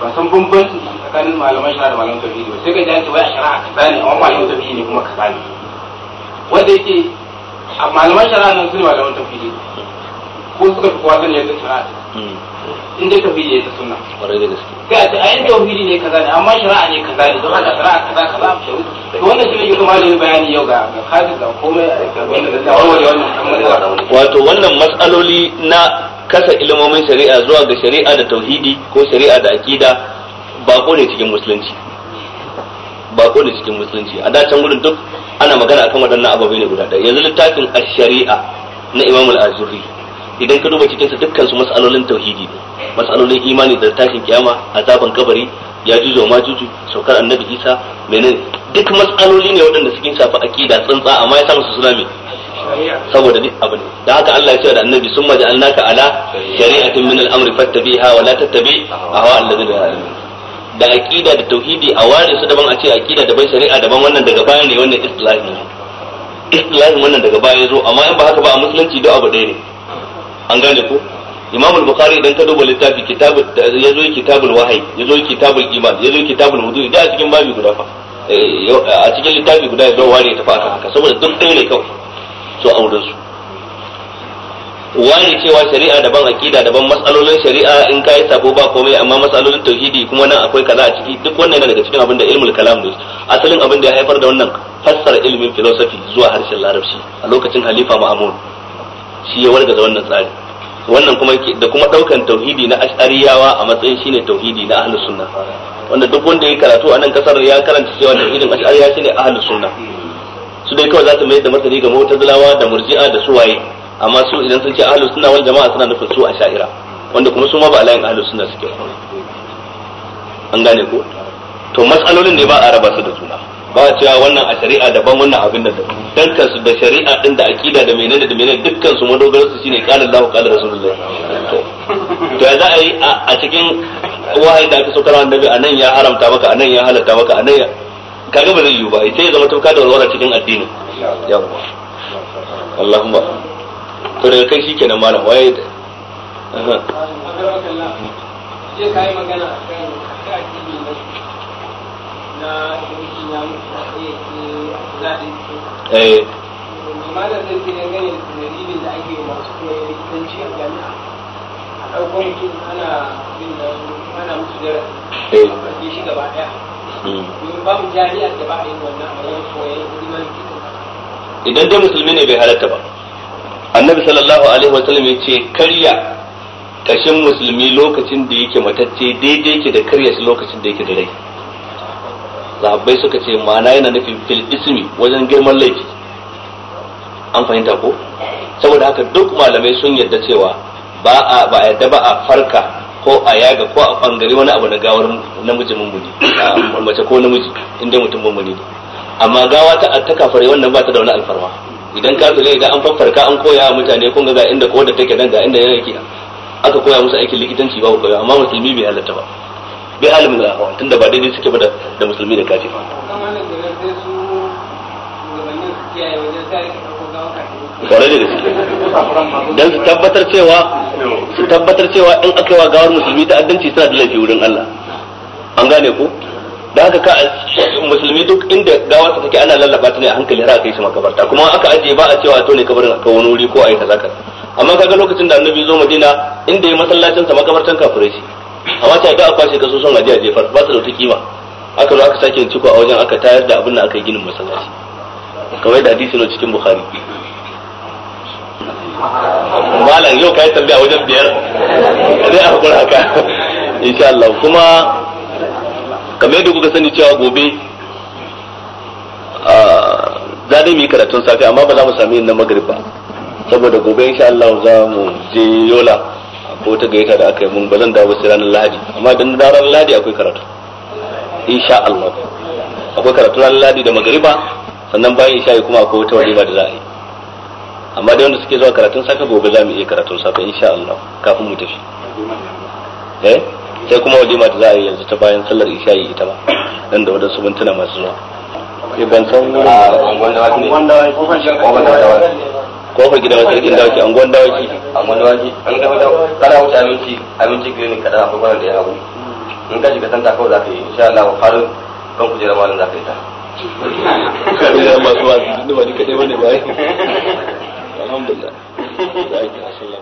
ba san bambanci tsakanin malaman shara da malaman tauhid ba sai ga jaji wai shara ka bani amma malaman tauhid ne kuma ka bani wanda yake a malaman shari'a nan sun malaman tafsiri ko suka fi kowa sani yadda shari'a hmm. in dai tauhidi ne ta sunna kwarai da gaske ga ta ayin tauhidi ne kaza ne amma shara'a ne kaza ne don haka shara'a kaza kaza to wannan shi ne yake kuma da bayani yau ga ga kaji ga komai ga wannan da warware wannan wato wannan matsaloli na kasa ilimomin shari'a zuwa ga shari'a da tauhidi ko shari'a da aqida bako ne cikin musulunci ko da cikin musulunci a da can gudun duk ana magana akan waɗannan ababe ne guda ɗaya yanzu littafin ash-shari'a na Imam al-Azuri idan ka duba cikin sa dukkan su mas'alolin tauhidi ne mas'alolin imani da tashin kiyama azaban kabari ya juju ma juju saukar annabi Isa menene duk mas'aloli ne waɗanda suke shafi aqida tsantsa amma ya samu su suna saboda duk abu ne da haka Allah ya ce da annabi summa ja'alnaka ala shari'atin min al-amri fattabiha wa la tattabi ahwa alladhina la da aqida da tauhidi a ware su daban a ce aqida bai shari'a daban wannan daga baya ne wannan islahi islahi wannan daga baya zo amma in ba haka ba a musulunci duk abu ɗaya ne an gane ko imam al-bukhari idan ka duba littafi kitabul ya zo kitabul wahyi ya zo kitabul iman ya zo kitabul wudu da cikin babi guda fa eh, a cikin littafi guda ya zo ware ta fa haka saboda duk ɗaya ne kawai so wurin su wani cewa shari'a daban akida daban matsalolin shari'a in kai sabo ba komai amma matsalolin tauhidi kuma nan akwai kaza a ciki duk wannan yana daga cikin abin da ilmul kalam ne asalin abin da ya haifar da wannan fassara ilmin philosophy zuwa harshen larabci a lokacin halifa ma'amun shi ya wargaza wannan tsari wannan kuma da kuma daukan tauhidi na ash'ariyawa a matsayin shine tauhidi na ahlus sunna wanda duk wanda ya karatu a nan kasar ya karanta cewa tauhidin ash'ariya shine ahlus sunna su dai kawai za su mai da martani ga mu'tazilawa da murji'a da suwaye amma su idan sun ce ahlu sunna wal jama'a suna nufin su a sha'ira wanda kuma su ma ba layin ahlu sunna suke an gane ko to matsalolin ne ba a raba su da juna ba a cewa wannan a shari'a daban wannan abin da dukkan su da shari'a din da akida da menene da menene dukkan su madogaro su shine qala Allah qala Rasulullah to ya za a yi a cikin wahayi da aka saukar annabi anan ya haramta maka anan ya halatta maka anan ya kaga ba zai yiwu ba sai ya zama tun ka da walwala cikin addini yawa Allahumma to daga kai shikenan malam waye da da da ake a a mutum ana ana idan dai musulmi ne bai halatta ba annabi sallallahu alaihi wa sallam yace karya kashin musulmi lokacin da yake matacce daidai yake da karya shi lokacin da yake da rai sahabbai suka ce ma'ana yana nufin fil ismi wajen girman laifi an fahimta ko saboda haka duk malamai sun yarda cewa ba a ba yarda ba a farka ko a yaga ko a bangare wani abu na gawar namiji mun mummuni mace ko namiji inda mutum mun ne amma gawa ta ta kafare wannan ba ta da wani alfarma idan kafire da an farfarka an koya wa mutane kun ga inda ko da take nan ga inda yake aka koya musu aikin likitanci ku koya amma musulmi bai halatta ba bai halin da hawa tunda ba daidai suke ba da musulmi da kafiri kwarai da gaske don su tabbatar cewa su tabbatar cewa in aka yi wa gawar musulmi ta'addanci suna da laifi wurin Allah an gane ko da haka ka musulmi duk inda gawa ta take ana lallaba ta ne a hankali har aka yi shi makabarta kuma aka ajiye ba a cewa to ne kabarin aka wani wuri ko a yi kaza kaza amma kaga lokacin da annabi zo madina inda ya masallacin sa makabartan kafirai ce amma ta ga aka kwashe kaso son ajiya jefar ba ta da wata kima aka zo aka sake ciko a wajen aka tayar da abin da aka yi ginin masallaci kawai da hadisi ne cikin bukhari malam yau kai tambaya wajen biyar zai a haka insha Allah kuma kamar yadda kuka sani cewa gobe za mu yi karatun safe amma ba za mu sami yin na magrib ba saboda gobe insha Allah za mu je yola ko ta gaita da aka yi mun ba zan dawo sai ranar lahadi amma da ranar lahadi akwai karatu insha Allah akwai karatu ranar lahadi da magriba sannan bayan isha kuma akwai wata walima da za a yi amma da wanda suke zuwa karatun safe gobe za mu iya karatun safe insha Allah kafin mu tafi eh sai kuma walima da za a yi yanzu ta bayan sallar isha'i ita ba dan da wadansu mintuna masu zuwa eh, ban san wurin an gaba da za ka yi insha Allah kan ta masu wasu duk wani kaɗai wani bayan alhamdulillah